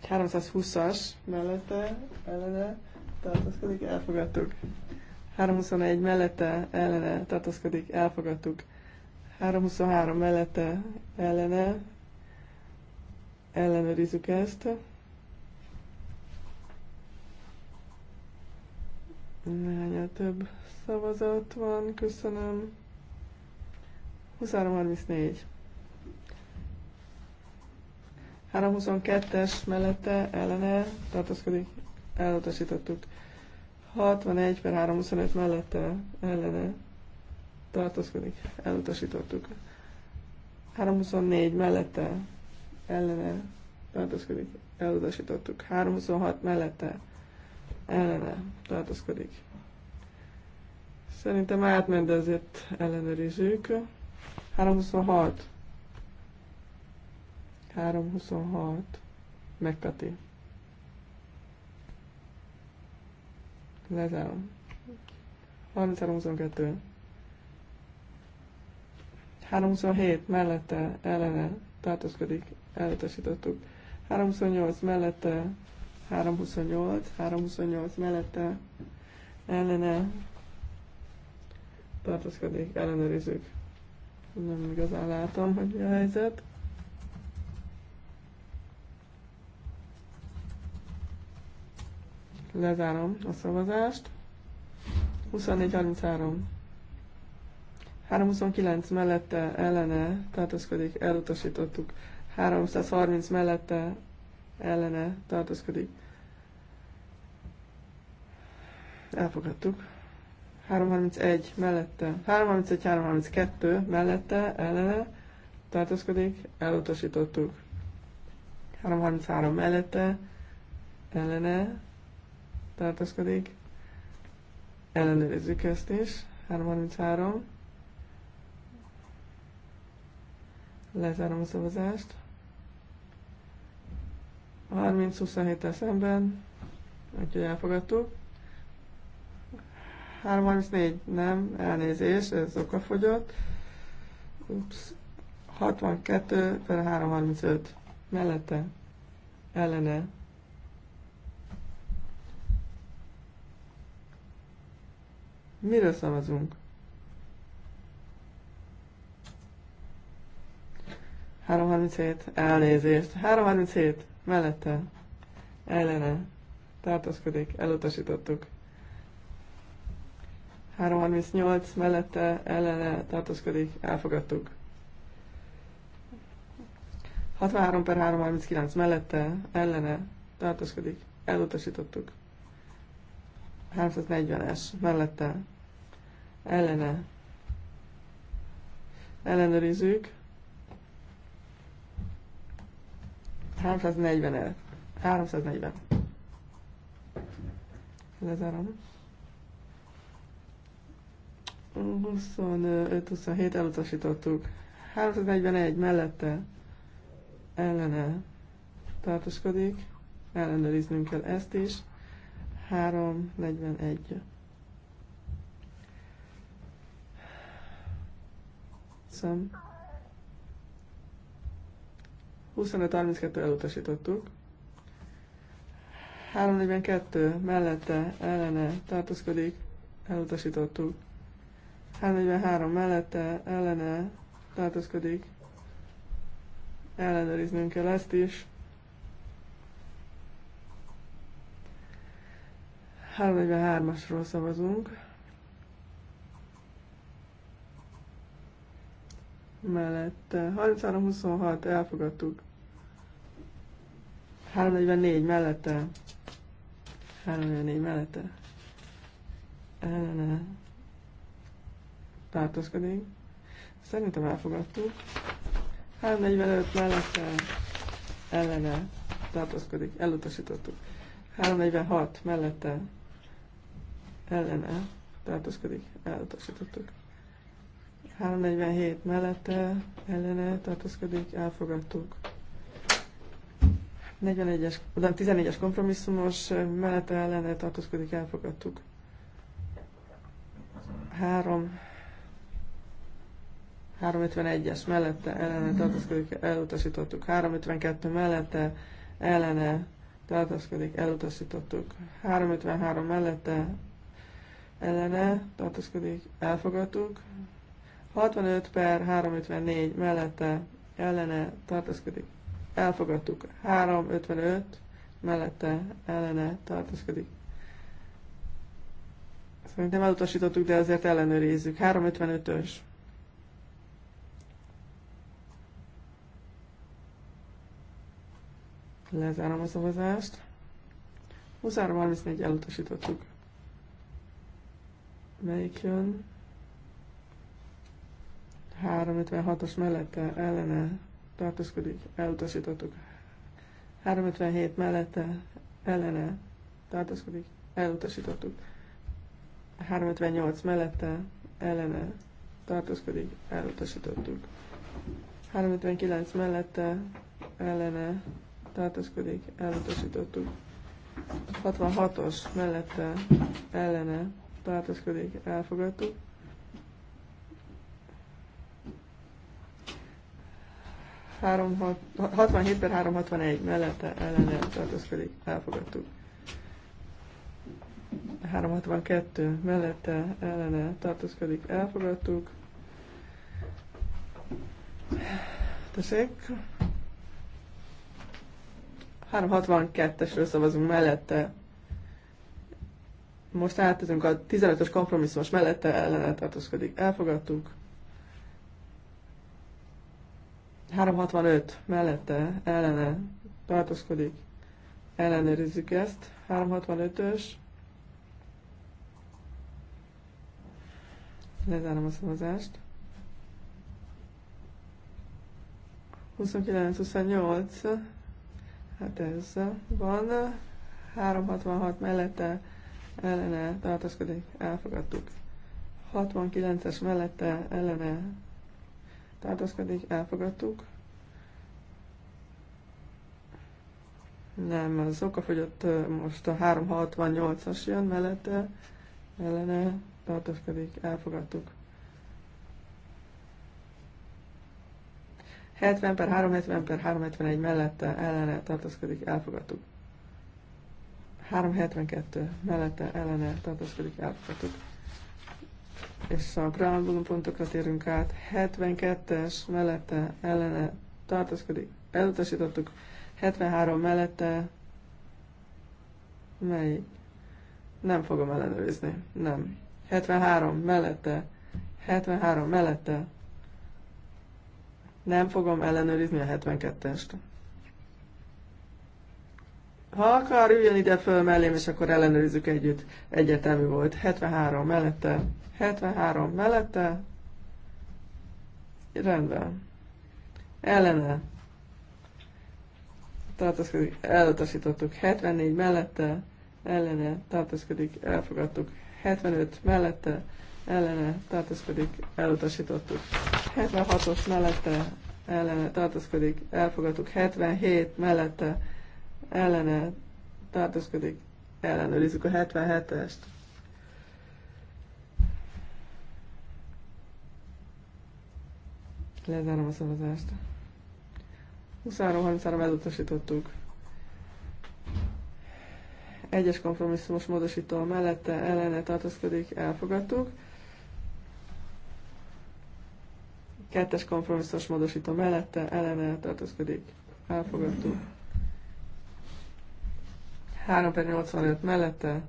Egy 320 as mellette, ellene tartózkodik, elfogadtuk. 321 mellette, ellene tartózkodik, elfogadtuk. 323 mellette, ellene ellenőrizzük ezt. Néhány több szavazat van, köszönöm. 23-34. 322-es mellette ellene tartózkodik, elutasítottuk. 61 per 325 mellette ellene tartózkodik, elutasítottuk. 324 mellette ellene tartózkodik, elutasítottuk. 326 mellette ellene tartózkodik. Szerintem átmendezett de 326. 326. Megkati. Lezárom. 3322. 327 mellette ellene tartózkodik, elutasítottuk. 328 mellette 328, 328 mellette ellene tartozkodik, ellenőrizzük. Nem igazán látom, hogy mi a helyzet. Lezárom a szavazást. 24-33. 329 mellette ellene tartozkodik, elutasítottuk. 330 mellette ellene tartozkodik, elfogadtuk. 331 mellette, 331, 332 mellette, ellene tartózkodik, elutasítottuk. 333 mellette, ellene tartózkodik, ellenőrizzük ezt is, 333. Lezárom a szavazást. 30-27-tel szemben, úgyhogy elfogadtuk. 34, nem, elnézés, ez okafogyott. Ups. 62 per 335 mellette, ellene. Miről szavazunk? 337, elnézést. 337, mellette, ellene, tartózkodik, elutasítottuk. 338 mellette ellene tartózkodik, elfogadtuk. 63 per 339 mellette ellene tartózkodik, elutasítottuk. 340-es mellette ellene ellenőrizzük. 340 el. 340. Lezárom. 25-27 elutasítottuk. 341 mellette ellene tartoskodik. ellenőriznünk kell ezt is. 341. Szóval 25-32 elutasítottuk. 342 mellette ellene tartózkodik, elutasítottuk. 343 mellette ellene tartózkodik. Ellenőriznünk kell ezt is. 343-asról szavazunk. Mellette 33-26 elfogadtuk. 344 mellette. 344 mellette. Ellene tartózkodik. Szerintem elfogadtuk. 345 mellette ellene tartózkodik, elutasítottuk. 346 mellette ellene tartózkodik, elutasítottuk. 347 mellette ellene tartózkodik, elfogadtuk. 41-es, 14-es kompromisszumos mellette ellene tartózkodik, elfogadtuk. 3 351-es mellette ellene tartózkodik, elutasítottuk. 352 mellette ellene tartózkodik, elutasítottuk. 353 mellette ellene tartózkodik, elfogadtuk. 65 per 354 mellette ellene tartózkodik, elfogadtuk. 355 mellette ellene tartózkodik. Szerintem elutasítottuk, de azért ellenőrizzük. 355-ös Lezárom a szavazást. 23-34 elutasítottuk. Melyik jön? 356-os mellette ellene tartózkodik, elutasítottuk. 357 mellette ellene tartózkodik, elutasítottuk. 358 mellette ellene tartózkodik, elutasítottuk. 359 mellette ellene tartózkodik, elutasítottuk. 66-os mellette ellene tartózkodik, elfogadtuk. Három, hat, 67 per 361 mellette ellene tartózkodik, elfogadtuk. 362 mellette ellene tartózkodik, elfogadtuk. Tessék, 362-esről szavazunk mellette. Most átadunk a 15-ös kompromisszumos mellette ellene tartózkodik. Elfogadtuk. 365 mellette ellene tartózkodik. Ellenőrizzük ezt. 365-ös. Lezárom a szavazást. 29-28 Hát ez van. 366 mellette ellene tartózkodik, elfogadtuk. 69-es mellette ellene tartózkodik, elfogadtuk. Nem, az okafogyott most a 368-as jön mellette, ellene tartózkodik, elfogadtuk. 70 per 370 per 371 mellette ellene tartózkodik, elfogadtuk. 372 mellette ellene tartózkodik, elfogadtuk. És a preambulum pontokra térünk át. 72-es mellette ellene tartozkodik. elutasítottuk. 73 mellette melyik? Nem fogom ellenőrizni. Nem. 73 mellette. 73 mellette nem fogom ellenőrizni a 72-est. Ha akar, üljön ide föl mellém, és akkor ellenőrizzük együtt. Egyetemű volt. 73 mellette. 73 mellette. Rendben. Ellene. Tartozkodik. Elutasítottuk. 74 mellette. Ellene. Tartozkodik. Elfogadtuk. 75 mellette. Ellene. Tartozkodik. Elutasítottuk. 76-os mellette ellene tartozkodik, elfogadtuk. 77 mellette ellene tartozkodik ellenőrizzük a 77-est. Lezárom a szavazást. 23-33 elutasítottuk. Egyes kompromisszumos módosító mellette ellene tartozkodik, elfogadtuk. Kettes kompromisszos módosító mellette ellene tartózkodik. Elfogadtuk. 3 per 85 mellette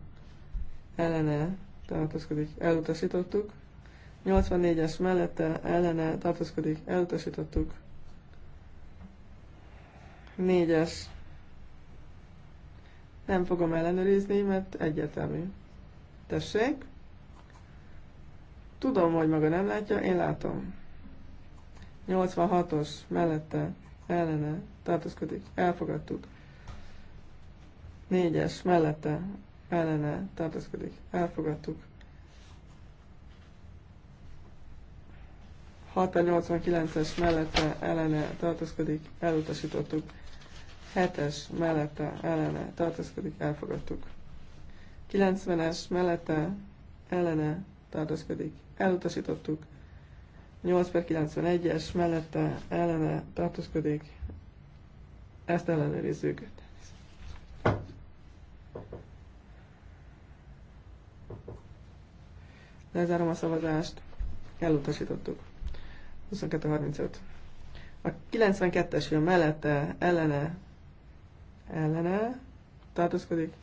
ellene tartózkodik. Elutasítottuk. 84-es mellette ellene tartózkodik. Elutasítottuk. 4-es nem fogom ellenőrizni, mert egyetemű. Tessék? Tudom, hogy maga nem látja, én látom. 86-os mellette ellene tartózkodik, elfogadtuk. 4-es mellette ellene tartózkodik, elfogadtuk. 689-es mellette ellene tartózkodik, elutasítottuk. 7-es mellette ellene tartózkodik, elfogadtuk. 90-es mellette ellene tartózkodik, elutasítottuk. 8 per 91-es mellette ellene tartózkodik. Ezt ellenőrizzük. Lezárom a szavazást. Elutasítottuk. 22.35. A 92-es film mellette ellene ellene tartózkodik.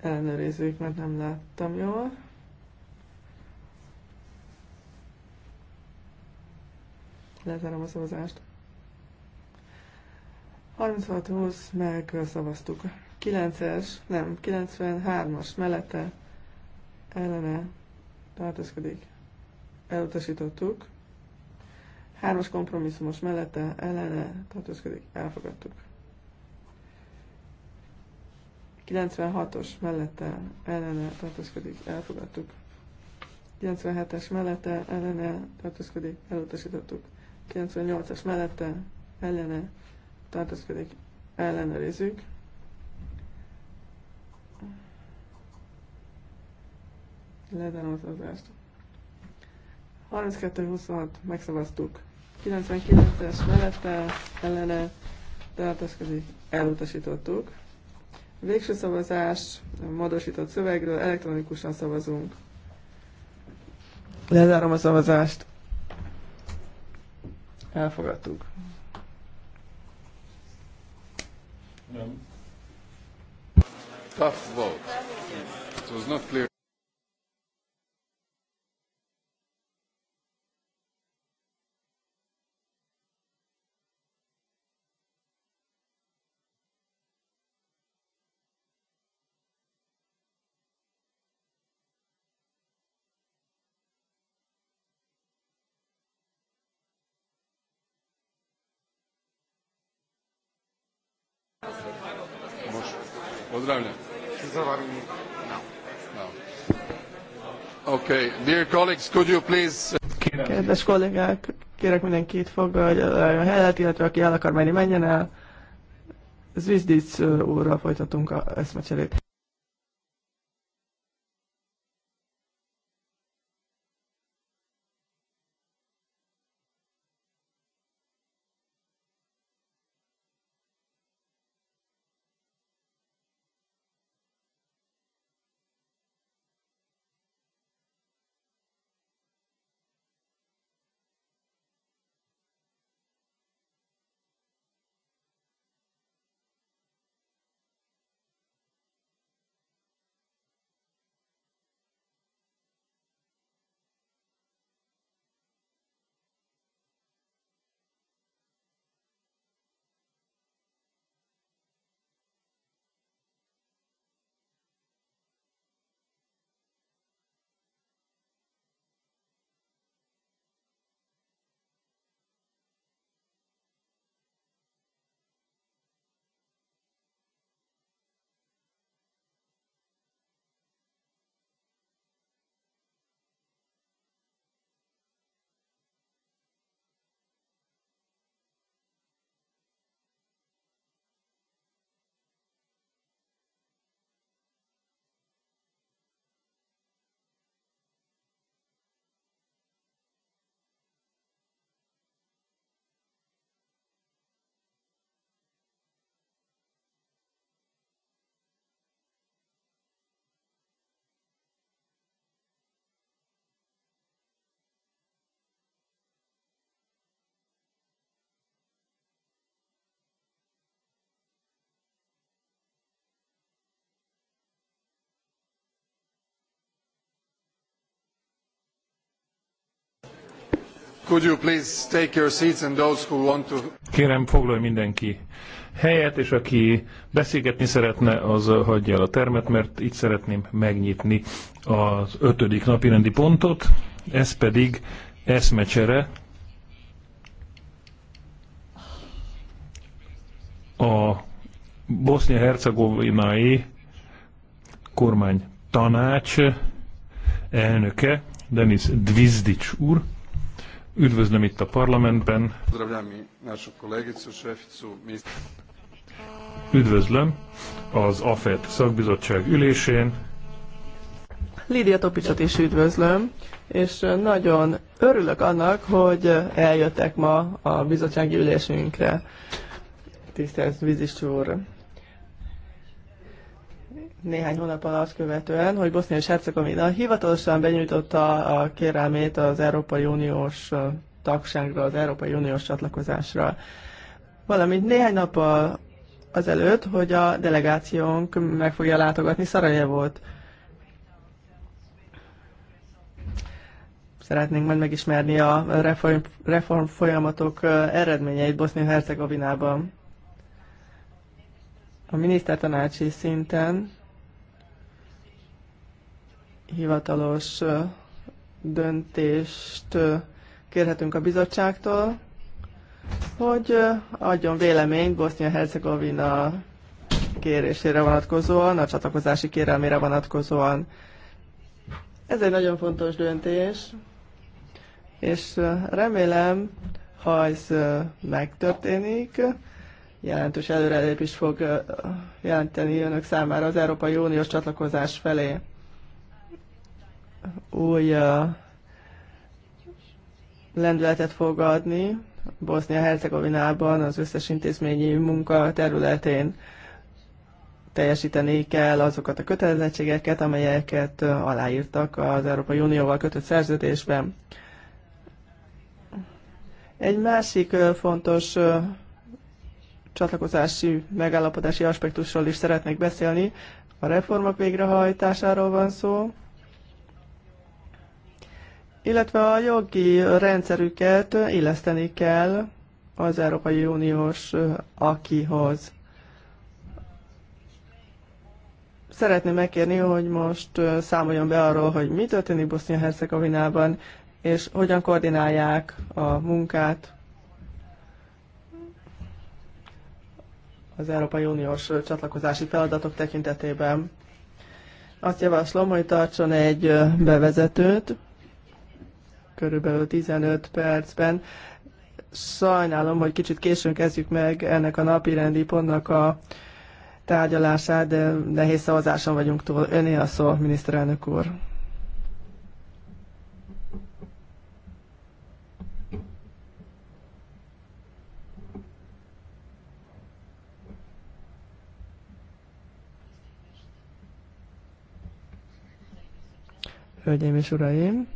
Ellenőrizzük, mert nem láttam jól. Lezárom a szavazást. 36-20 szavaztuk. 9-es, nem, 93-as mellette ellene tartózkodik. Elutasítottuk. 3-as kompromisszumos mellette ellene tartózkodik. Elfogadtuk. 96-os mellette ellene tartózkodik. Elfogadtuk. 97-es mellette ellene tartózkodik. Elutasítottuk. 98-as mellette ellene tartózkodik, ellenőrizzük. Legyen az azást. 32-26, megszavaztuk. 99-es mellette ellene tartózkodik, elutasítottuk. Végső szavazás, módosított szövegről elektronikusan szavazunk. Lezárom a szavazást. Elfogadtuk. Nem. Tough vote. It was not clear. Pozdravljam. Okay, dear colleagues, could you please... Uh, Kedves kollégák, kérek mindenkit foglalja a helyet, illetve aki el akar menni, menjen el. Zvizdic uh, úrral folytatunk a eszmecserét. Kérem, foglalj mindenki helyet, és aki beszélgetni szeretne, az hagyja el a termet, mert itt szeretném megnyitni az ötödik napi rendi pontot, ez pedig eszmecsere a bosznia-hercegovinai kormány tanács elnöke, Denis Dvizdics úr, Üdvözlöm itt a parlamentben. Üdvözlöm az AFET szakbizottság ülésén. Lídia Topicsot is üdvözlöm, és nagyon örülök annak, hogy eljöttek ma a bizottsági ülésünkre. Tisztelt Vizis úr! néhány hónappal azt követően, hogy Bosznia és Hercegovina hivatalosan benyújtotta a kérelmét az Európai Uniós tagságra, az Európai Uniós csatlakozásra. Valamint néhány nappal azelőtt, hogy a delegációnk meg fogja látogatni Szarajevót. Szeretnénk majd megismerni a reform, reform folyamatok eredményeit Bosznia-Hercegovinában. A minisztertanácsi szinten hivatalos döntést kérhetünk a bizottságtól, hogy adjon véleményt Bosznia-Hercegovina kérésére vonatkozóan, a csatlakozási kérelmére vonatkozóan. Ez egy nagyon fontos döntés, és remélem, ha ez megtörténik, jelentős előrelépés fog jelenteni önök számára az Európai Uniós csatlakozás felé új lendületet fog adni Bosznia-Hercegovinában az összes intézményi munka területén teljesíteni kell azokat a kötelezettségeket, amelyeket aláírtak az Európai Unióval kötött szerződésben. Egy másik fontos csatlakozási megállapodási aspektusról is szeretnék beszélni. A reformok végrehajtásáról van szó illetve a jogi rendszerüket illeszteni kell az Európai Uniós akihoz. Szeretném megkérni, hogy most számoljon be arról, hogy mi történik Bosznia-Hercegovinában, és hogyan koordinálják a munkát az Európai Uniós csatlakozási feladatok tekintetében. Azt javaslom, hogy tartson egy bevezetőt, körülbelül 15 percben. Sajnálom, hogy kicsit későn kezdjük meg ennek a napirendi pontnak a tárgyalását, de nehéz szavazáson vagyunk túl. Öné a szó, miniszterelnök úr. Hölgyeim és Uraim!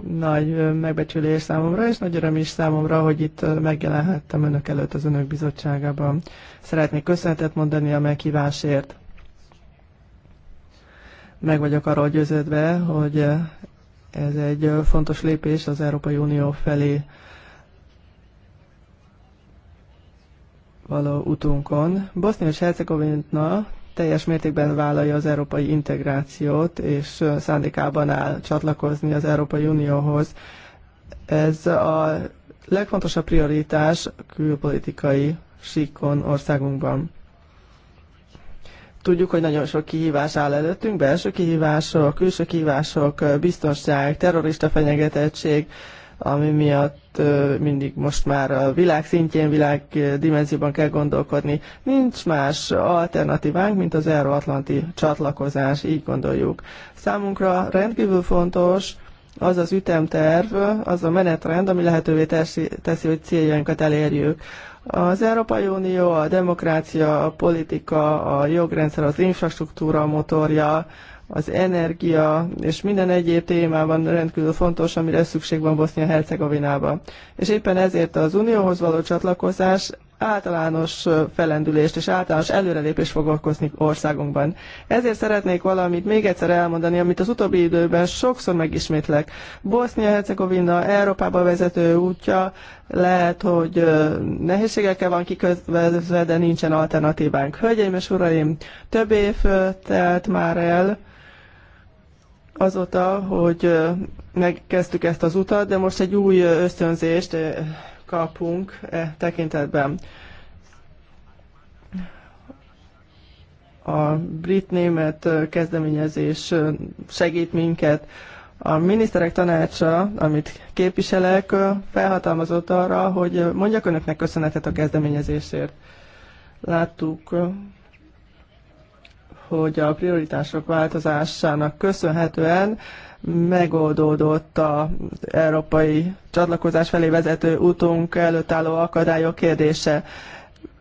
nagy megbecsülés számomra, és nagy öröm is számomra, hogy itt megjelenhettem önök előtt az önök bizottságában. Szeretnék köszönetet mondani a meghívásért. Meg vagyok arról győződve, hogy ez egy fontos lépés az Európai Unió felé való utunkon. Bosznia és Hercegovina teljes mértékben vállalja az európai integrációt, és szándékában áll csatlakozni az Európai Unióhoz. Ez a legfontosabb prioritás külpolitikai síkon országunkban. Tudjuk, hogy nagyon sok kihívás áll előttünk, belső kihívások, külső kihívások, biztonság, terrorista fenyegetettség, ami miatt mindig most már a világ szintjén, világ dimenzióban kell gondolkodni. Nincs más alternatívánk, mint az euróatlanti csatlakozás, így gondoljuk. Számunkra rendkívül fontos az az ütemterv, az a menetrend, ami lehetővé teszi, teszi hogy céljainkat elérjük. Az Európai Unió a demokrácia, a politika, a jogrendszer, az infrastruktúra a motorja, az energia és minden egyéb témában rendkívül fontos, amire szükség van Bosznia-Hercegovinában. És éppen ezért az Unióhoz való csatlakozás általános felendülést és általános előrelépést fog okozni országunkban. Ezért szeretnék valamit még egyszer elmondani, amit az utóbbi időben sokszor megismétlek. Bosznia-Hercegovina Európába vezető útja lehet, hogy nehézségekkel van kiközvezve, de nincsen alternatívánk. Hölgyeim és uraim, több év telt már el, Azóta, hogy megkezdtük ezt az utat, de most egy új ösztönzést kapunk e tekintetben. A brit-német kezdeményezés segít minket. A miniszterek tanácsa, amit képviselek, felhatalmazott arra, hogy mondjak önöknek köszönetet a kezdeményezésért. Láttuk hogy a prioritások változásának köszönhetően megoldódott a európai csatlakozás felé vezető útunk előtt álló akadályok kérdése.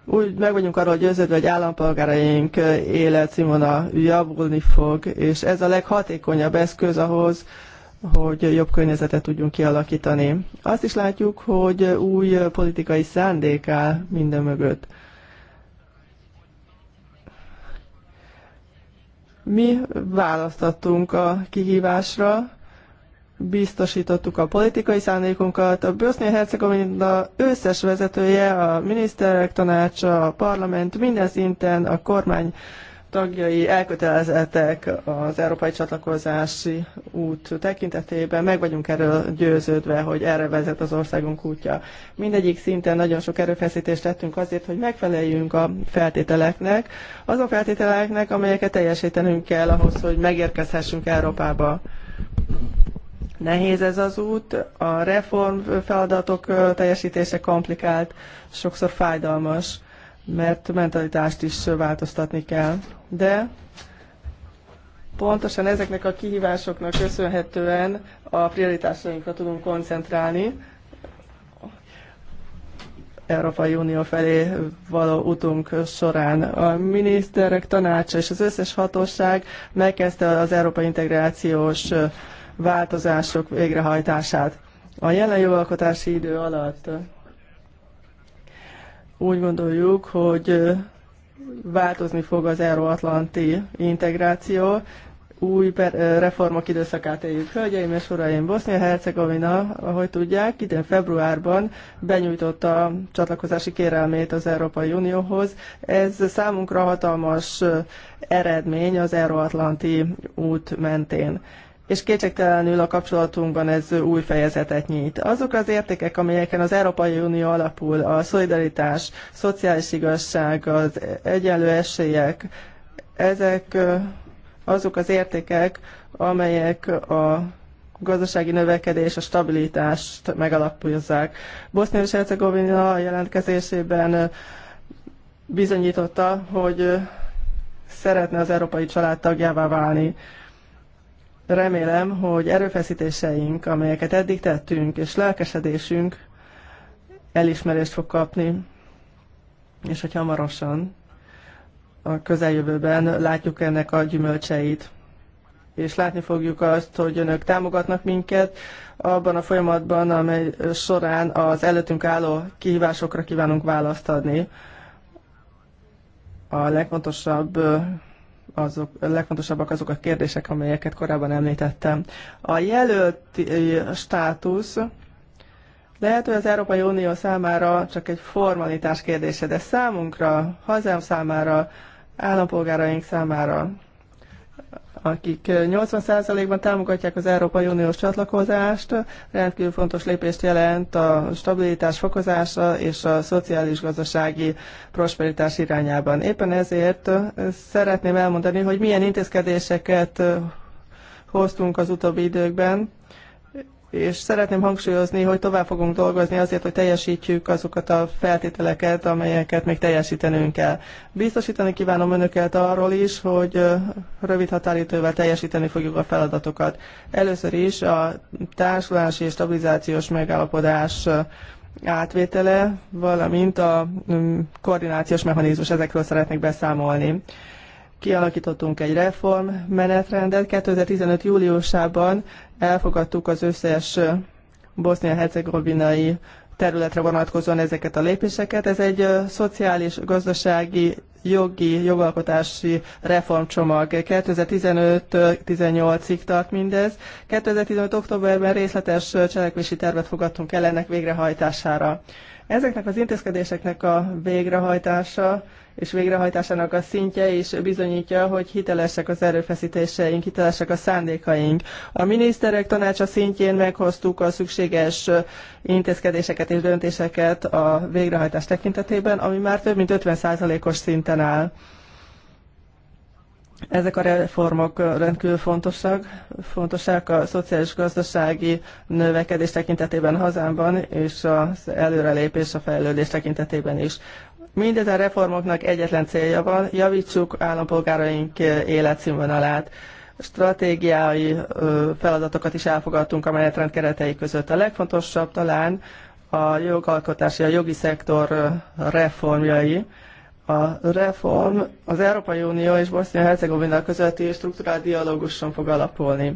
Úgy meg vagyunk arról győződve, hogy állampolgáraink életszínvona javulni fog, és ez a leghatékonyabb eszköz ahhoz, hogy jobb környezetet tudjunk kialakítani. Azt is látjuk, hogy új politikai szándék áll minden mögött. Mi választottunk a kihívásra, biztosítottuk a politikai szándékunkat. A Bosznia-Hercegovina összes vezetője, a miniszterek tanácsa, a parlament minden szinten, a kormány tagjai elkötelezettek az európai csatlakozási út tekintetében, meg vagyunk erről győződve, hogy erre vezet az országunk útja. Mindegyik szinten nagyon sok erőfeszítést tettünk azért, hogy megfeleljünk a feltételeknek, azon feltételeknek, amelyeket teljesítenünk kell ahhoz, hogy megérkezhessünk Európába. Nehéz ez az út, a reform feladatok teljesítése komplikált, sokszor fájdalmas mert mentalitást is változtatni kell. De pontosan ezeknek a kihívásoknak köszönhetően a prioritásainkra tudunk koncentrálni, Európai Unió felé való utunk során. A miniszterek tanácsa és az összes hatóság megkezdte az európai integrációs változások végrehajtását. A jelen jogalkotási idő alatt úgy gondoljuk, hogy változni fog az euróatlanti integráció, új reformok időszakát éljük. Hölgyeim és uraim, Bosznia-Hercegovina, ahogy tudják, idén februárban benyújtotta csatlakozási kérelmét az Európai Unióhoz. Ez számunkra hatalmas eredmény az euróatlanti út mentén és kétségtelenül a kapcsolatunkban ez új fejezetet nyit. Azok az értékek, amelyeken az Európai Unió alapul, a szolidaritás, szociális igazság, az egyenlő esélyek, ezek azok az értékek, amelyek a gazdasági növekedés, a stabilitást megalapozzák. Bosznia és Hercegovina jelentkezésében bizonyította, hogy szeretne az európai család tagjává válni. Remélem, hogy erőfeszítéseink, amelyeket eddig tettünk, és lelkesedésünk elismerést fog kapni, és hogy hamarosan a közeljövőben látjuk ennek a gyümölcseit és látni fogjuk azt, hogy önök támogatnak minket abban a folyamatban, amely során az előttünk álló kihívásokra kívánunk választ adni. A legfontosabb azok, a legfontosabbak azok a kérdések, amelyeket korábban említettem. A jelölt eh, státusz lehet, hogy az Európai Unió számára csak egy formalitás kérdése, de számunkra, hazám számára, állampolgáraink számára akik 80%-ban eh, támogatják az Európai Uniós csatlakozást, rendkívül fontos lépést jelent a stabilitás fokozása és a szociális-gazdasági prosperitás irányában. Éppen ezért eh, szeretném elmondani, hogy milyen intézkedéseket eh, hoztunk az utóbbi időkben, és szeretném hangsúlyozni, hogy tovább fogunk dolgozni azért, hogy teljesítjük azokat a feltételeket, amelyeket még teljesítenünk kell. Biztosítani kívánom önöket arról is, hogy rövid határidővel teljesíteni fogjuk a feladatokat. Először is a társulási és stabilizációs megállapodás átvétele, valamint a mm, koordinációs mechanizmus, ezekről szeretnék beszámolni kialakítottunk egy reformmenetrendet. 2015. júliusában elfogadtuk az összes bosznia-hercegovinai területre vonatkozóan ezeket a lépéseket. Ez egy szociális, gazdasági, jogi, jogalkotási reformcsomag. 2015-18-ig tart mindez. 2015. októberben részletes cselekvési tervet fogadtunk el ennek végrehajtására. Ezeknek az intézkedéseknek a végrehajtása és végrehajtásának a szintje is bizonyítja, hogy hitelesek az erőfeszítéseink, hitelesek a szándékaink. A miniszterek tanácsa szintjén meghoztuk a szükséges intézkedéseket és döntéseket a végrehajtás tekintetében, ami már több mint 50%-os szinten áll. Ezek a reformok rendkívül fontosak, fontosak a szociális gazdasági növekedés tekintetében hazámban, és az előrelépés a fejlődés tekintetében is. Mindezen reformoknak egyetlen célja van, javítsuk állampolgáraink eh, életszínvonalát. Stratégiai feladatokat is elfogadtunk a menetrend keretei között. A legfontosabb talán a jogalkotási, a jogi szektor reformjai. A reform az Európai Unió és Bosznia-Hercegovina közötti struktúrált dialóguson fog alapulni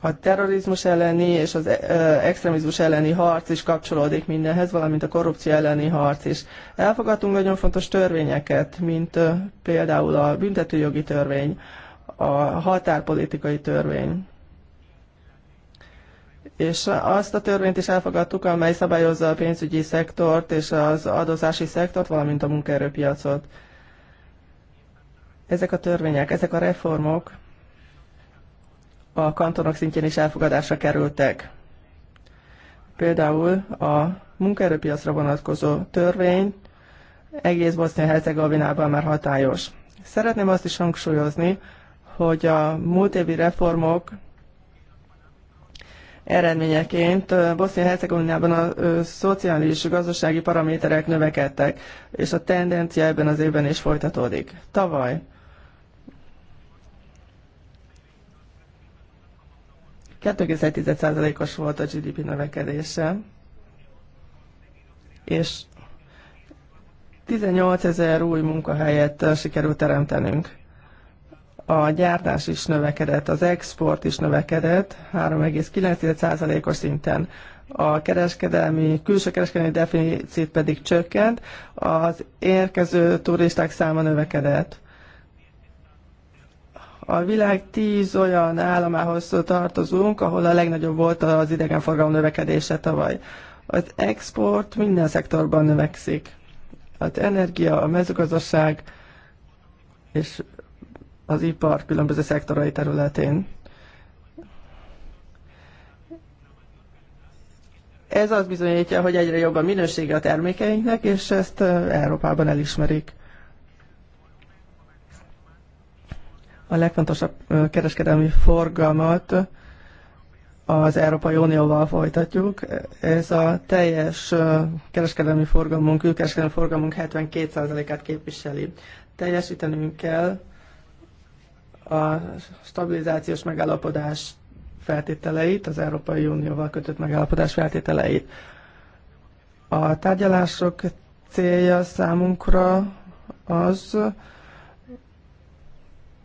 a terrorizmus elleni és az extremizmus elleni harc is kapcsolódik mindenhez, valamint a korrupció elleni harc is. Elfogadtunk nagyon fontos törvényeket, mint például a büntetőjogi törvény, a határpolitikai törvény. És azt a törvényt is elfogadtuk, amely szabályozza a pénzügyi szektort és az adózási szektort, valamint a munkaerőpiacot. Ezek a törvények, ezek a reformok a kantonok szintjén is elfogadásra kerültek. Például a munkaerőpiacra vonatkozó törvény egész Bosznia-Hercegovinában már hatályos. Szeretném azt is hangsúlyozni, hogy a múlt évi reformok eredményeként Bosznia-Hercegovinában a szociális gazdasági paraméterek növekedtek, és a tendencia ebben az évben is folytatódik. Tavaly 2,1%-os volt a GDP növekedése, és 18 ezer új munkahelyet sikerült teremtenünk. A gyártás is növekedett, az export is növekedett 3,9%-os szinten. A kereskedelmi, külső kereskedelmi deficit pedig csökkent, az érkező turisták száma növekedett. A világ tíz olyan államához tartozunk, ahol a legnagyobb volt az idegenforgalom növekedése tavaly. Az export minden szektorban növekszik. Az energia, a mezőgazdaság és az ipar különböző szektorai területén. Ez azt bizonyítja, hogy egyre jobb a minősége a termékeinknek, és ezt eh, Európában elismerik. a legfontosabb kereskedelmi forgalmat az Európai Unióval folytatjuk. Ez a teljes kereskedelmi forgalmunk, külkereskedelmi forgalmunk 72%-át képviseli. Teljesítenünk kell a stabilizációs megállapodás feltételeit, az Európai Unióval kötött megállapodás feltételeit. A tárgyalások célja számunkra az,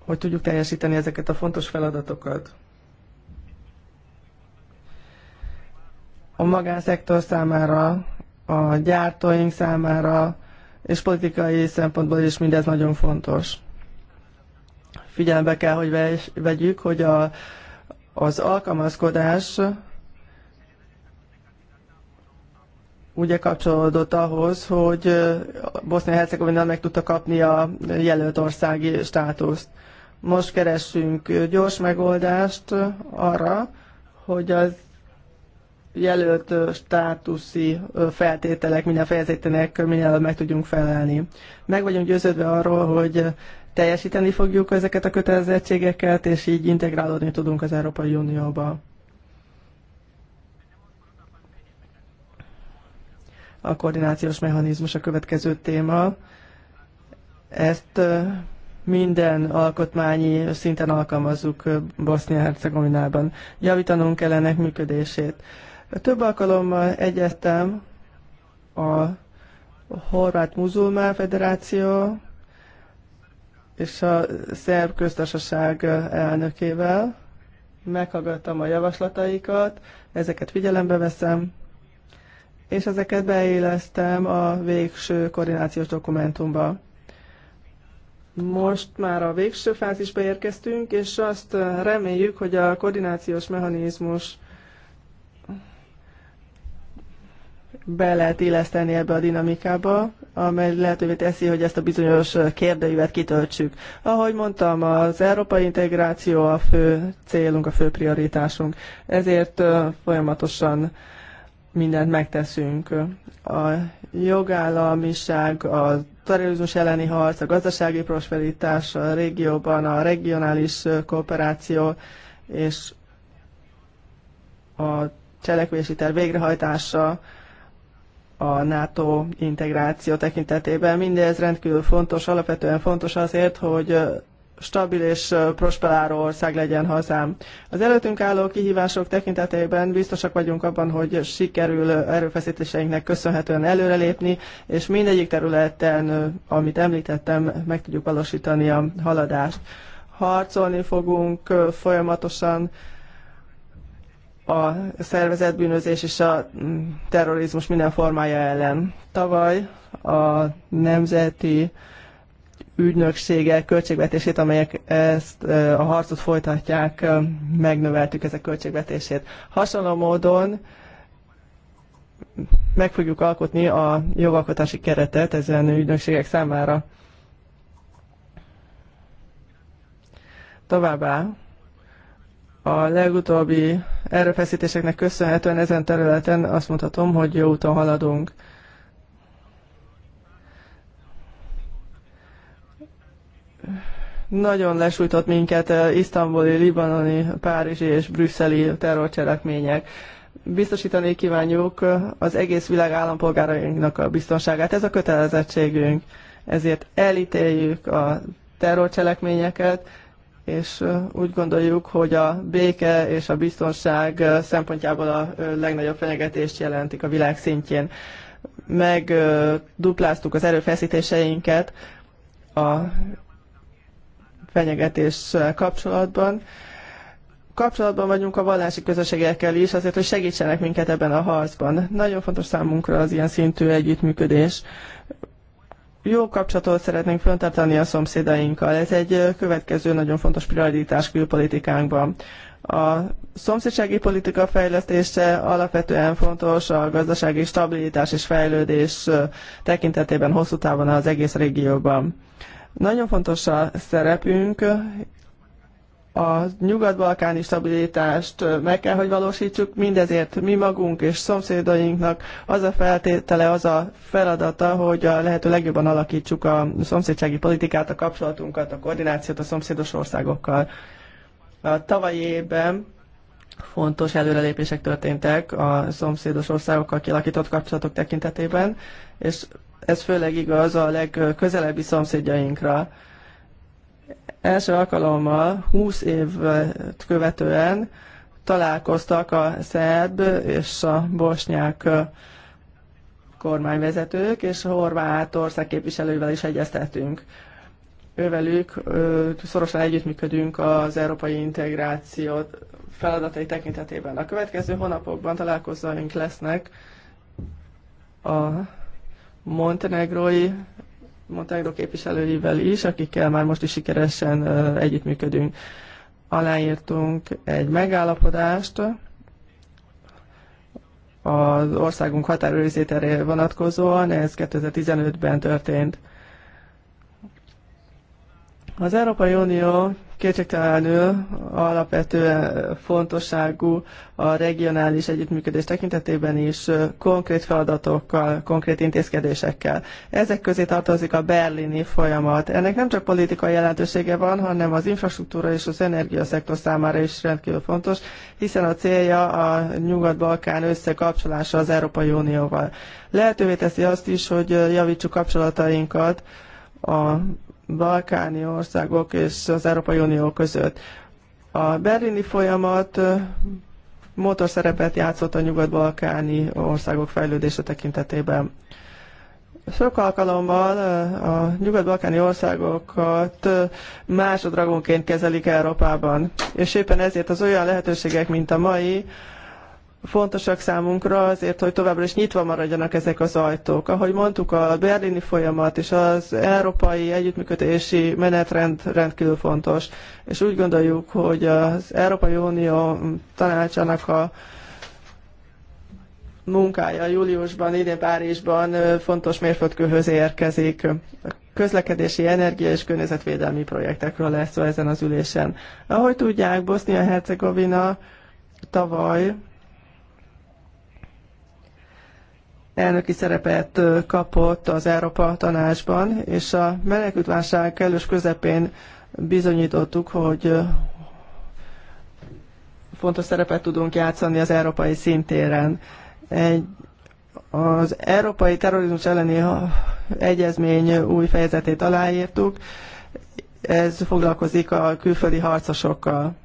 hogy tudjuk teljesíteni ezeket a fontos feladatokat. A magánszektor számára, a gyártóink számára, és politikai szempontból is mindez nagyon fontos. Figyelembe kell, hogy vegyük, hogy a, az alkalmazkodás ugye kapcsolódott ahhoz, hogy Bosznia-Hercegovina meg tudta kapni a jelölt országi státuszt. Most keresünk gyors megoldást arra, hogy az jelölt státuszi feltételek minden fejezetének minél meg tudjunk felelni. Meg vagyunk győződve arról, hogy teljesíteni fogjuk ezeket a kötelezettségeket, és így integrálódni tudunk az Európai Unióba. A koordinációs mechanizmus a következő téma. Ezt minden alkotmányi szinten alkalmazzuk Bosznia-Hercegovinában. Javítanunk kell ennek működését. Több alkalommal egyeztem a Horvát Muzulmán Federáció és a Szerb Köztársaság elnökével. Meghallgattam a javaslataikat, ezeket figyelembe veszem, és ezeket beélesztem a végső koordinációs dokumentumba. Most már a végső fázisba érkeztünk, és azt reméljük, hogy a koordinációs mechanizmus be lehet illeszteni ebbe a dinamikába, amely lehetővé teszi, hogy ezt a bizonyos kérdőívet kitöltsük. Ahogy mondtam, az európai integráció a fő célunk, a fő prioritásunk. Ezért folyamatosan mindent megteszünk. A jogállamiság, a terrorizmus elleni harc, a gazdasági prosperitás a régióban, a regionális kooperáció és a cselekvési terv végrehajtása a NATO integráció tekintetében. Mindez rendkívül fontos, alapvetően fontos azért, hogy stabil és prosperáló ország legyen hazám. Az előttünk álló kihívások tekintetében biztosak vagyunk abban, hogy sikerül erőfeszítéseinknek köszönhetően előrelépni, és mindegyik területen, amit említettem, meg tudjuk valósítani a haladást. Harcolni fogunk folyamatosan a szervezetbűnözés és a mm, terrorizmus minden formája ellen. Tavaly a Nemzeti ügynökségek költségvetését, amelyek ezt a harcot folytatják, megnöveltük ezek költségvetését. Hasonló módon meg fogjuk alkotni a jogalkotási keretet ezen ügynökségek számára. Továbbá a legutóbbi erőfeszítéseknek köszönhetően ezen területen azt mondhatom, hogy jó úton haladunk. Nagyon lesújtott minket eh, isztambuli, libanoni, párizsi és brüsszeli terrorcselekmények. Biztosítani kívánjuk eh, az egész világ állampolgárainknak a biztonságát. Ez a kötelezettségünk. Ezért elítéljük a terrorcselekményeket, és eh, úgy gondoljuk, hogy a béke és a biztonság szempontjából a legnagyobb fenyegetést jelentik a világ szintjén. Megdupláztuk az erőfeszítéseinket a fenyegetéssel kapcsolatban. Kapcsolatban vagyunk a vallási közösségekkel is, azért, hogy segítsenek minket ebben a harcban. Nagyon fontos számunkra az ilyen szintű együttműködés. Jó kapcsolatot szeretnénk föntartani a szomszédainkkal. Ez egy következő nagyon fontos prioritás külpolitikánkban. A szomszédsági politika fejlesztése alapvetően fontos a gazdasági stabilitás és fejlődés tekintetében hosszú távon az egész régióban. Nagyon fontos a szerepünk, a nyugat-balkáni stabilitást meg kell, hogy valósítsuk, mindezért mi magunk és szomszédainknak az a feltétele, az a feladata, hogy a lehető legjobban alakítsuk a szomszédsági politikát, a kapcsolatunkat, a koordinációt a szomszédos országokkal. A tavalyi évben fontos előrelépések történtek a szomszédos országokkal kialakított kapcsolatok tekintetében, és ez főleg igaz a legközelebbi szomszédjainkra. Első alkalommal, 20 évet követően találkoztak a szerb és a bosnyák kormányvezetők, és a horvát ország képviselővel is egyeztetünk ővelük szorosan együttműködünk az európai integráció feladatai tekintetében. A következő hónapokban találkozóink lesznek a montenegrói Montenegro képviselőivel is, akikkel már most is sikeresen együttműködünk. Aláírtunk egy megállapodást az országunk határőrizéterére vonatkozóan, ez 2015-ben történt. Az Európai Unió kétségtelenül alapvetően fontosságú a regionális együttműködés tekintetében is konkrét feladatokkal, konkrét intézkedésekkel. Ezek közé tartozik a berlini folyamat. Ennek nem csak politikai jelentősége van, hanem az infrastruktúra és az energiaszektor számára is rendkívül fontos, hiszen a célja a Nyugat-Balkán összekapcsolása az Európai Unióval. Lehetővé teszi azt is, hogy javítsuk kapcsolatainkat a balkáni országok és az Európai Unió között. A berlini folyamat motorszerepet játszott a nyugat-balkáni országok fejlődése tekintetében. Sok alkalommal a nyugat-balkáni országokat másodragonként kezelik Európában, és éppen ezért az olyan lehetőségek, mint a mai, fontosak számunkra azért, hogy továbbra is nyitva maradjanak ezek az ajtók. Ahogy mondtuk, a berlini folyamat és az európai együttműködési menetrend rendkívül fontos, és úgy gondoljuk, hogy az Európai Unió tanácsának a munkája júliusban, idén Párizsban fontos mérföldkőhöz érkezik. A közlekedési, energia és környezetvédelmi projektekről lesz szó ezen az ülésen. Ahogy tudják, Bosznia-Hercegovina tavaly elnöki szerepet kapott az Európa Tanácsban, és a menekültválság kellős közepén bizonyítottuk, hogy fontos szerepet tudunk játszani az európai szintéren. Egy, az Európai Terrorizmus elleni egyezmény új fejezetét aláírtuk, ez foglalkozik a külföldi harcosokkal.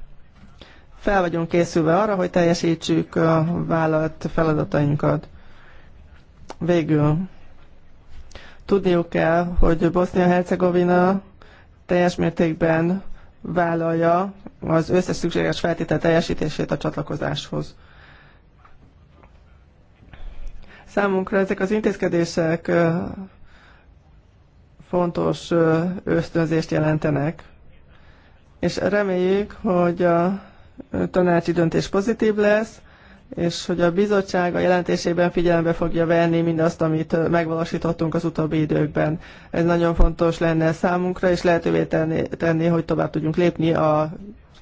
Fel vagyunk készülve arra, hogy teljesítsük a vállalt feladatainkat. Végül tudniuk kell, hogy Bosznia-Hercegovina teljes mértékben vállalja az összes szükséges feltétel teljesítését a csatlakozáshoz. Számunkra ezek az intézkedések fontos ösztönzést jelentenek, és reméljük, hogy a tanácsi döntés pozitív lesz, és hogy a bizottság a jelentésében figyelembe fogja venni mindazt, amit megvalósítottunk az utóbbi időkben. Ez nagyon fontos lenne számunkra, és lehetővé tenni, tenni hogy tovább tudjunk lépni a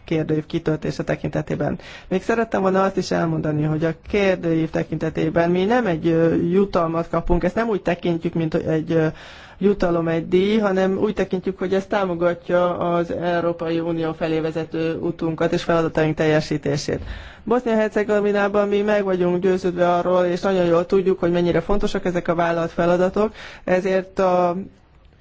kérdőív kitöltése tekintetében. Még szerettem volna azt is elmondani, hogy a kérdőív tekintetében mi nem egy jutalmat kapunk, ezt nem úgy tekintjük, mint egy jutalom egy díj, hanem úgy tekintjük, hogy ez támogatja az Európai Unió felé vezető utunkat és feladataink teljesítését. Bosznia-Hercegovinában mi meg vagyunk győződve arról, és nagyon jól tudjuk, hogy mennyire fontosak ezek a vállalt feladatok, ezért a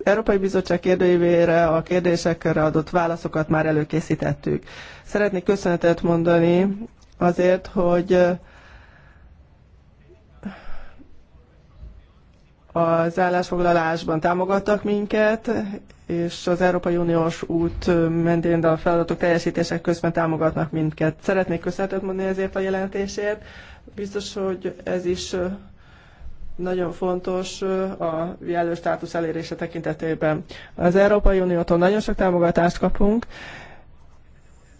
Európai Bizottság kérdőjévére a kérdésekre adott válaszokat már előkészítettük. Szeretnék köszönetet mondani azért, hogy az állásfoglalásban támogattak minket, és az Európai Uniós út mentén a feladatok teljesítések közben támogatnak minket. Szeretnék köszönetet mondani ezért a jelentésért. Biztos, hogy ez is nagyon fontos a jelölt státusz elérése tekintetében. Az Európai Uniótól nagyon sok támogatást kapunk,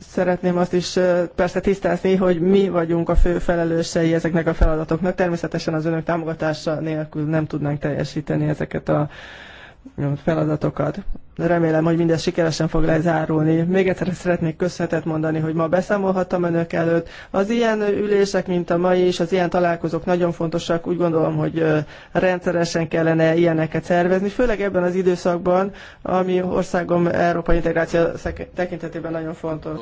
szeretném azt is persze tisztázni, hogy mi vagyunk a fő felelősei ezeknek a feladatoknak. Természetesen az önök támogatása nélkül nem tudnánk teljesíteni ezeket a feladatokat. Remélem, hogy mindez sikeresen fog lezárulni. Még egyszer szeretnék köszönetet mondani, hogy ma beszámolhattam önök előtt. Az ilyen ülések, mint a mai is, az ilyen találkozók nagyon fontosak. Úgy gondolom, hogy rendszeresen kellene ilyeneket szervezni, főleg ebben az időszakban, ami országom Európai integráció tekintetében nagyon fontos.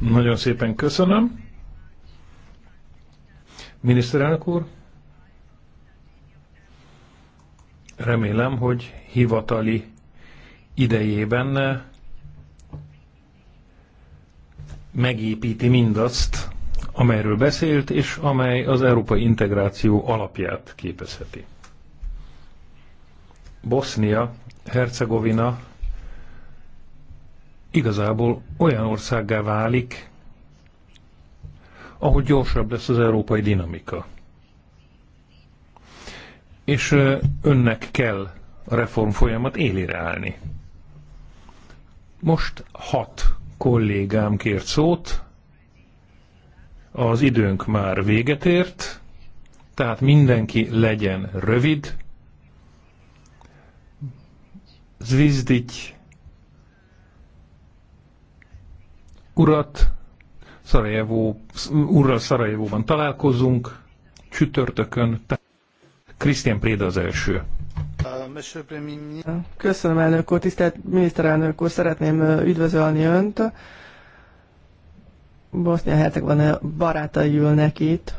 Nagyon szépen köszönöm. Miniszterelnök úr! Remélem, hogy hivatali idejében eh, megépíti mindazt, amelyről beszélt, és amely az európai integráció alapját képezheti. Bosznia, Hercegovina igazából olyan országgá válik, ahogy gyorsabb lesz az európai dinamika és önnek kell a reform folyamat élére állni. Most hat kollégám kért szót, az időnk már véget ért, tehát mindenki legyen rövid. Zvizdic urat, Szarajevó, urral Szarajevóban találkozunk, csütörtökön. Krisztián Préda az első. Köszönöm, elnök úr. Tisztelt miniszterelnök úr, szeretném üdvözölni önt. Bosznia-Hercegban barátai ülnek itt,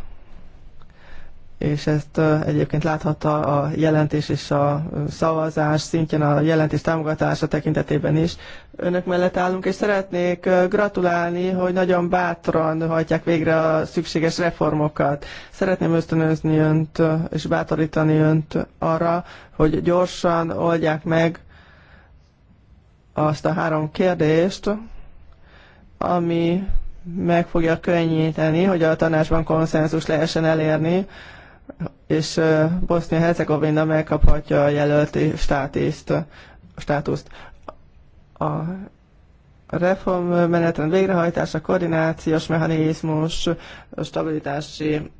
és ezt egyébként láthatta a jelentés és a szavazás szintjén a jelentés támogatása tekintetében is. Önök mellett állunk, és szeretnék gratulálni, hogy nagyon bátran hajtják végre a szükséges reformokat. Szeretném ösztönözni önt és bátorítani önt arra, hogy gyorsan oldják meg azt a három kérdést, ami meg fogja könnyíteni, hogy a tanácsban konszenzus lehessen elérni és Bosznia-Hercegovina megkaphatja a jelölti státuszt. státuszt. A reformmenetrend végrehajtása, koordinációs mechanizmus, stabilitási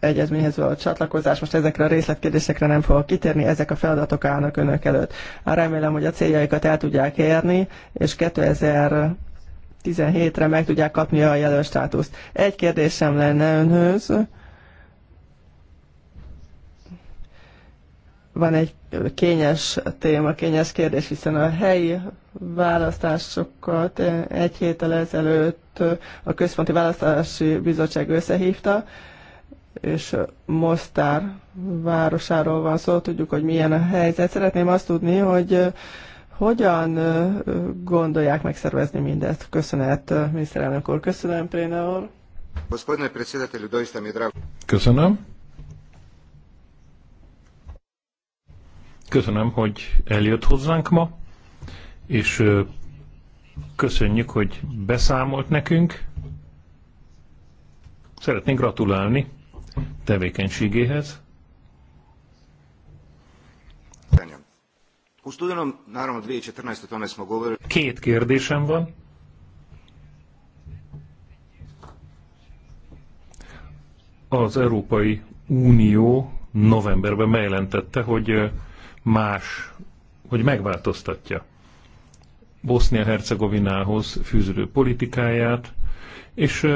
egyezményhez való csatlakozás, most ezekre a részletkérdésekre nem fogok kitérni, ezek a feladatok állnak önök előtt. Remélem, hogy a céljaikat el tudják érni, és 2017-re meg tudják kapni a jelölt státuszt. Egy kérdésem lenne önhöz, Van egy kényes téma, kényes kérdés, hiszen a helyi választásokat egy héttel ezelőtt a Központi Választási Bizottság összehívta, és Mostár városáról van szó, tudjuk, hogy milyen a helyzet. Szeretném azt tudni, hogy hogyan gondolják megszervezni mindezt? Köszönet, miniszterelnök úr. Köszönöm, Préna úr. Köszönöm. Köszönöm, hogy eljött hozzánk ma, és köszönjük, hogy beszámolt nekünk. Szeretnénk gratulálni tevékenységéhez. Két kérdésem van. Az Európai Unió novemberben bejelentette, hogy más, hogy megváltoztatja Bosznia-Hercegovinához fűződő politikáját, és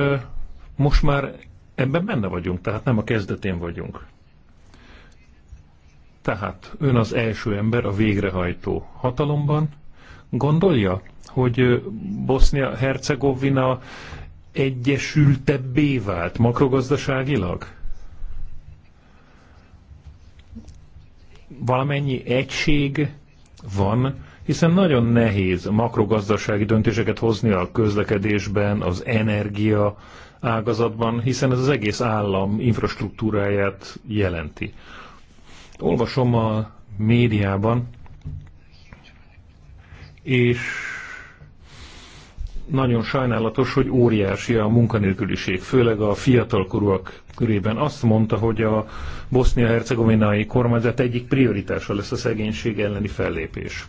most már ebben benne vagyunk, tehát nem a kezdetén vagyunk. Tehát ön az első ember a végrehajtó hatalomban. Gondolja, hogy Bosznia-Hercegovina egyesültebbé vált makrogazdaságilag? valamennyi egység van, hiszen nagyon nehéz makrogazdasági döntéseket hozni a közlekedésben, az energia ágazatban, hiszen ez az egész állam infrastruktúráját jelenti. Olvasom a médiában, és nagyon sajnálatos, hogy óriási a munkanélküliség, főleg a fiatalkorúak körében. Azt mondta, hogy a bosznia-hercegovinai kormányzat egyik prioritása lesz a szegénység elleni fellépés.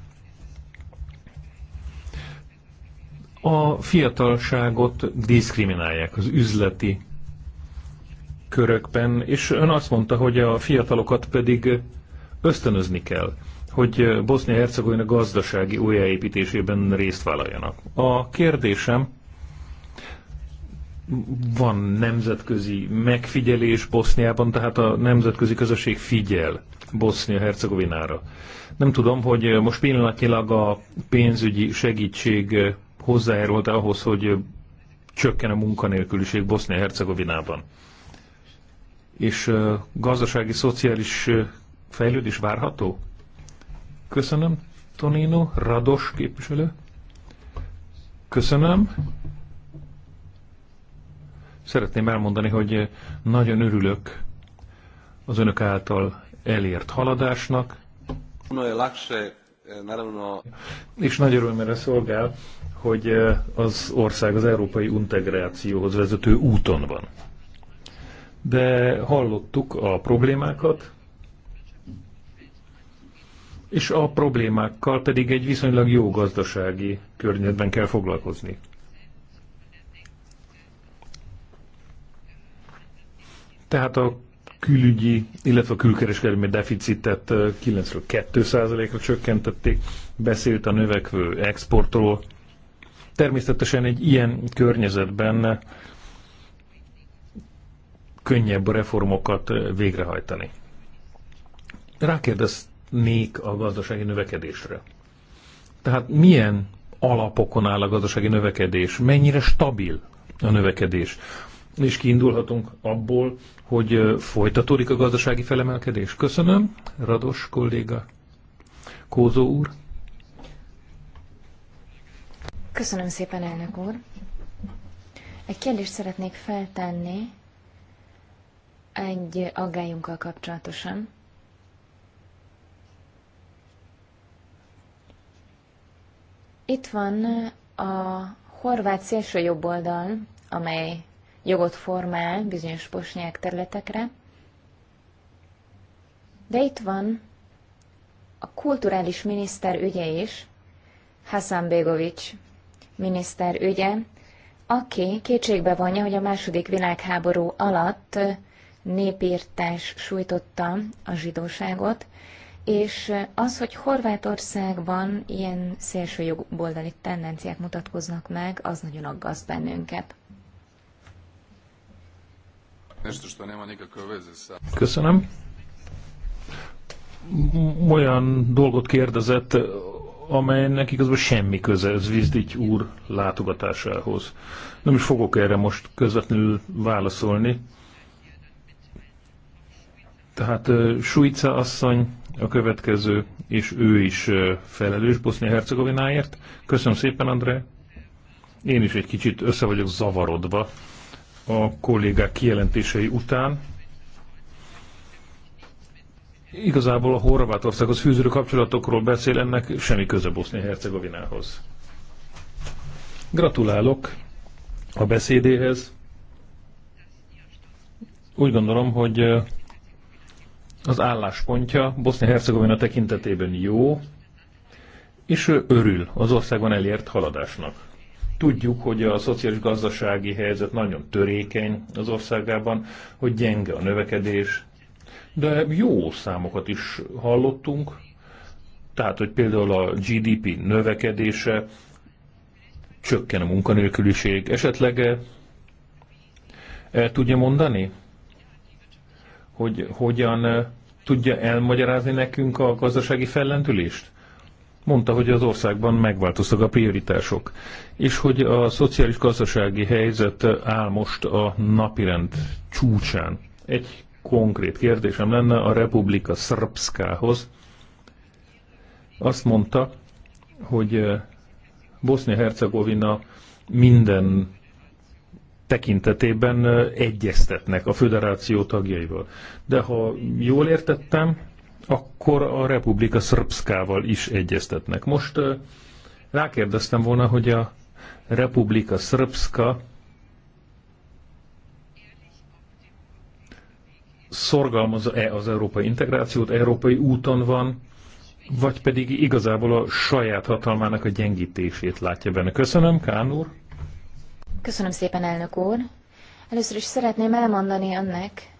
A fiatalságot diszkriminálják az üzleti körökben, és ön azt mondta, hogy a fiatalokat pedig ösztönözni kell hogy Bosznia-Hercegovina gazdasági újjáépítésében részt vállaljanak. A kérdésem, van nemzetközi megfigyelés Boszniában, tehát a nemzetközi közösség figyel Bosznia-Hercegovinára. Nem tudom, hogy most pillanatnyilag a pénzügyi segítség hozzájárult ahhoz, hogy csökken a munkanélküliség Bosznia-Hercegovinában. És gazdasági, szociális fejlődés várható? Köszönöm, Tonino. Rados képviselő. Köszönöm. Szeretném elmondani, hogy nagyon örülök az önök által elért haladásnak. És nagy örömmel szolgál, hogy az ország az európai integrációhoz vezető úton van. De hallottuk a problémákat, és a problémákkal pedig egy viszonylag jó gazdasági környezetben kell foglalkozni. Tehát a külügyi, illetve a külkereskedelmi deficitet 9 2%-ra csökkentették, beszélt a növekvő exportról. Természetesen egy ilyen környezetben könnyebb reformokat végrehajtani. Rákérdeztem, még a gazdasági növekedésre. Tehát milyen alapokon áll a gazdasági növekedés, mennyire stabil a növekedés. És kiindulhatunk abból, hogy folytatódik a gazdasági felemelkedés. Köszönöm, Rados kolléga, Kózó úr. Köszönöm szépen, elnök úr. Egy kérdést szeretnék feltenni egy aggályunkkal kapcsolatosan. Itt van a horvát szélső oldal, amely jogot formál bizonyos posnyák területekre, de itt van a kulturális miniszter ügye is, Hasan Begovic miniszter ügye, aki kétségbe vonja, hogy a második világháború alatt népírtás sújtotta a zsidóságot, és az, hogy Horvátországban ilyen szélső jogboldali tendenciák mutatkoznak meg, az nagyon aggaszt bennünket. Köszönöm. Olyan dolgot kérdezett, amelynek igazából semmi köze ez Vizdigy úr látogatásához. Nem is fogok erre most közvetlenül válaszolni. Tehát Suica asszony a következő, és ő is felelős Bosznia-Hercegovináért. Köszönöm szépen, André. Én is egy kicsit össze vagyok zavarodva a kollégák kijelentései után. Igazából a Horvátországhoz fűződő kapcsolatokról beszél, ennek semmi köze Bosznia-Hercegovinához. Gratulálok a beszédéhez. Úgy gondolom, hogy az álláspontja Bosznia-Hercegovina tekintetében jó, és ő örül az országban elért haladásnak. Tudjuk, hogy a szociális gazdasági helyzet nagyon törékeny az országában, hogy gyenge a növekedés, de jó számokat is hallottunk, tehát, hogy például a GDP növekedése, csökken a munkanélküliség, esetleg el tudja mondani, hogy hogyan tudja elmagyarázni nekünk a gazdasági fellendülést? Mondta, hogy az országban megváltoztak a prioritások, és hogy a szociális gazdasági helyzet áll most a napirend csúcsán. Egy konkrét kérdésem lenne a Republika Srpskához. Azt mondta, hogy Bosznia-Hercegovina minden tekintetében egyeztetnek a föderáció tagjaival. De ha jól értettem, akkor a Republika Srpszkával is egyeztetnek. Most rákérdeztem volna, hogy a Republika Srpszka szorgalmazza-e az európai integrációt, európai úton van, vagy pedig igazából a saját hatalmának a gyengítését látja benne. Köszönöm, Kán úr! Köszönöm szépen, elnök úr. Először is szeretném elmondani önnek,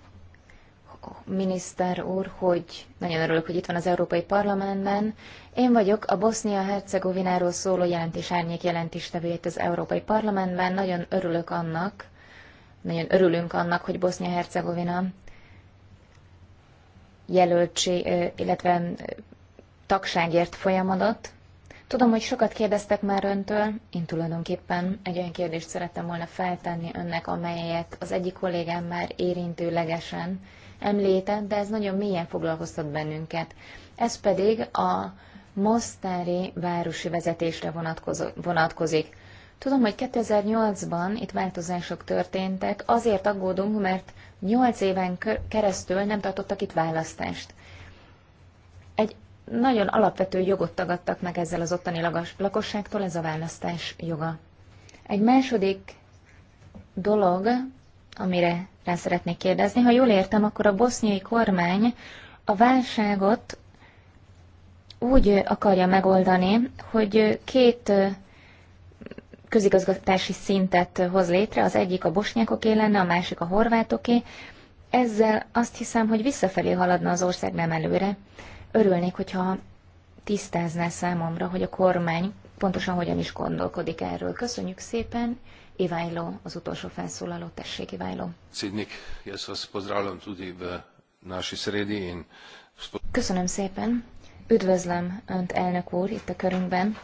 miniszter úr, hogy nagyon örülök, hogy itt van az Európai Parlamentben. Én vagyok a Bosznia-Hercegovináról szóló jelentés árnyék jelentéstevője itt az Európai Parlamentben. Nagyon örülök annak, nagyon örülünk annak, hogy Bosznia-Hercegovina jelöltség, illetve tagságért folyamodott. Tudom, hogy sokat kérdeztek már öntől, én tulajdonképpen egy olyan kérdést szerettem volna feltenni önnek, amelyet az egyik kollégám már érintőlegesen említett, de ez nagyon mélyen foglalkoztat bennünket. Ez pedig a Mostári városi vezetésre vonatkozik. Tudom, hogy 2008-ban itt változások történtek, azért aggódunk, mert 8 éven keresztül nem tartottak itt választást nagyon alapvető jogot tagadtak meg ezzel az ottani lakosságtól, ez a választás joga. Egy második dolog, amire rá szeretnék kérdezni, ha jól értem, akkor a boszniai kormány a válságot úgy akarja megoldani, hogy két közigazgatási szintet hoz létre, az egyik a bosnyákoké lenne, a másik a horvátoké. Ezzel azt hiszem, hogy visszafelé haladna az ország, nem előre. Örülnék, hogyha tisztázná számomra, hogy a kormány pontosan hogyan is gondolkodik erről. Köszönjük szépen. Iványló, az utolsó felszólaló. Tessék, Iványló. Szidnik, jaz az pozdravljam tudi v naši sredi Köszönöm szépen. Üdvözlöm Önt, elnök úr, itt a körünkben.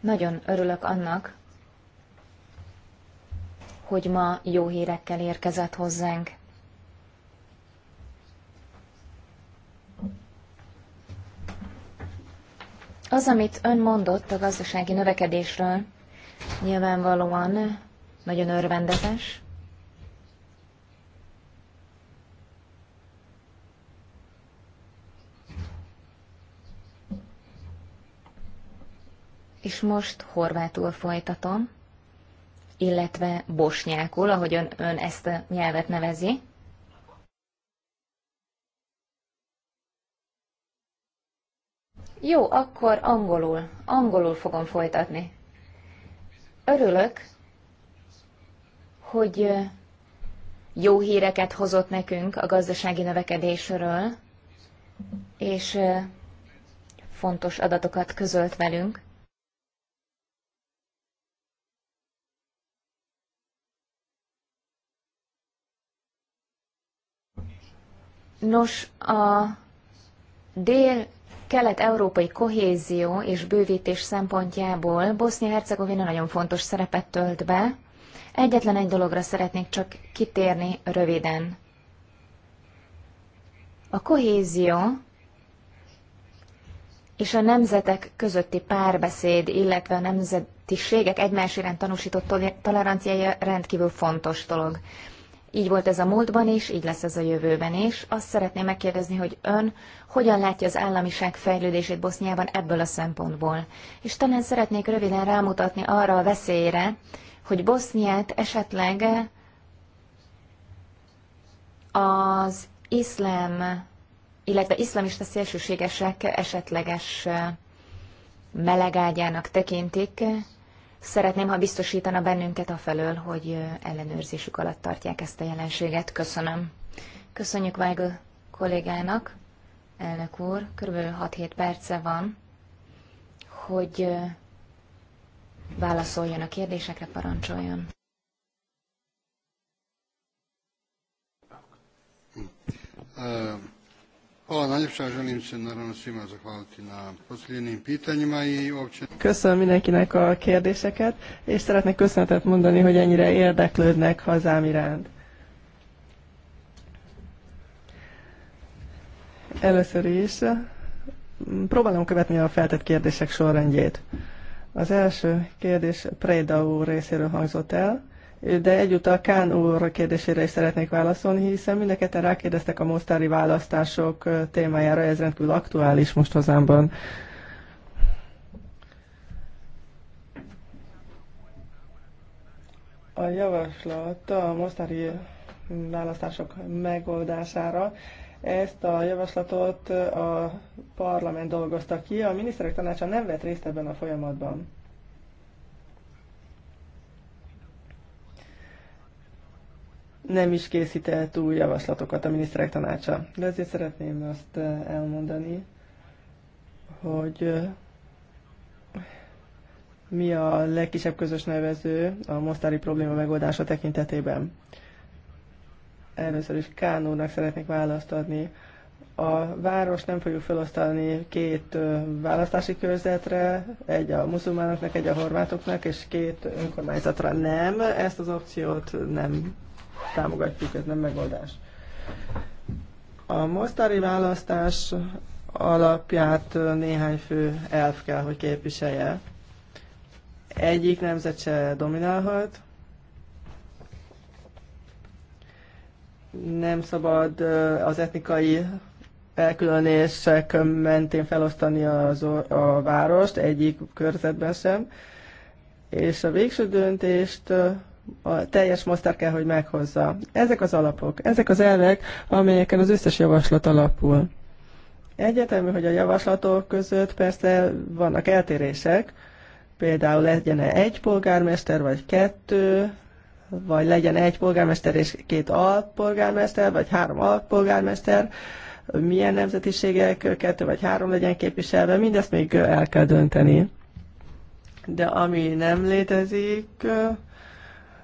Nagyon örülök annak, hogy ma jó hírekkel érkezett hozzánk. Az, amit ön mondott a gazdasági növekedésről, nyilvánvalóan nagyon örvendetes. És most horvátul folytatom, illetve bosnyákul, ahogy ön, ön ezt a nyelvet nevezi. Jó, akkor angolul. Angolul fogom folytatni. Örülök, hogy jó híreket hozott nekünk a gazdasági növekedésről, és fontos adatokat közölt velünk. Nos, a dél kelet-európai kohézió és bővítés szempontjából Bosznia-Hercegovina nagyon fontos szerepet tölt be. Egyetlen egy dologra szeretnék csak kitérni röviden. A kohézió és a nemzetek közötti párbeszéd, illetve a nemzetiségek egymás iránt tanúsított toleranciája rendkívül fontos dolog. Így volt ez a múltban is, így lesz ez a jövőben is. Azt szeretném megkérdezni, hogy ön hogyan látja az államiság fejlődését Boszniában ebből a szempontból. És talán szeretnék röviden rámutatni arra a veszélyre, hogy Boszniát esetleg az iszlám, illetve iszlamista szélsőségesek esetleges melegágyának tekintik, Szeretném, ha biztosítana bennünket afelől, hogy ellenőrzésük alatt tartják ezt a jelenséget. Köszönöm. Köszönjük Weigl kollégának, elnök úr. Körülbelül 6-7 perce van, hogy válaszoljon a kérdésekre, parancsoljon. Uh. Hvala najljepša, želim se naravno svima zahvaliti na posljednim pitanjima i uopće... Köszönöm mindenkinek a kérdéseket, és szeretnék köszönetet mondani, hogy ennyire érdeklődnek hazám iránt. Először is mm, próbálom követni a feltett kérdések sorrendjét. Az első kérdés Preda úr részéről hangzott el de egyúttal Kán úr kérdésére is szeretnék válaszolni, hiszen mindenketten rákérdeztek a mostári választások témájára, ez rendkívül aktuális most hazámban. A javaslat a mostári választások megoldására ezt a javaslatot a parlament dolgozta ki, a miniszterek tanácsa nem vett részt ebben a folyamatban. nem is készített új javaslatokat a miniszterek tanácsa. De azért szeretném azt eh, elmondani, hogy eh, mi a legkisebb közös nevező a mostári probléma megoldása tekintetében. Először is Kán úrnak szeretnék választ adni. A város nem fogjuk felosztani két eh, választási körzetre, egy a muszulmánoknak, egy a horvátoknak, és két önkormányzatra nem. Ezt az opciót nem támogatjuk, ez nem megoldás. A mostani választás alapját néhány fő elf kell, hogy képviselje. Egyik nemzet se dominálhat, nem szabad az etnikai elkülönések mentén felosztani az, a várost, egyik körzetben sem, és a végső döntést a teljes moztár kell, hogy meghozza. Ezek az alapok, ezek az elvek, amelyeken az összes javaslat alapul. Egyetemű, hogy a javaslatok között persze vannak eltérések, például legyen -e egy polgármester, vagy kettő, vagy legyen egy polgármester és két alpolgármester, vagy három alpolgármester, milyen nemzetiségek, kettő vagy három legyen képviselve, mindezt még el kell dönteni. De ami nem létezik,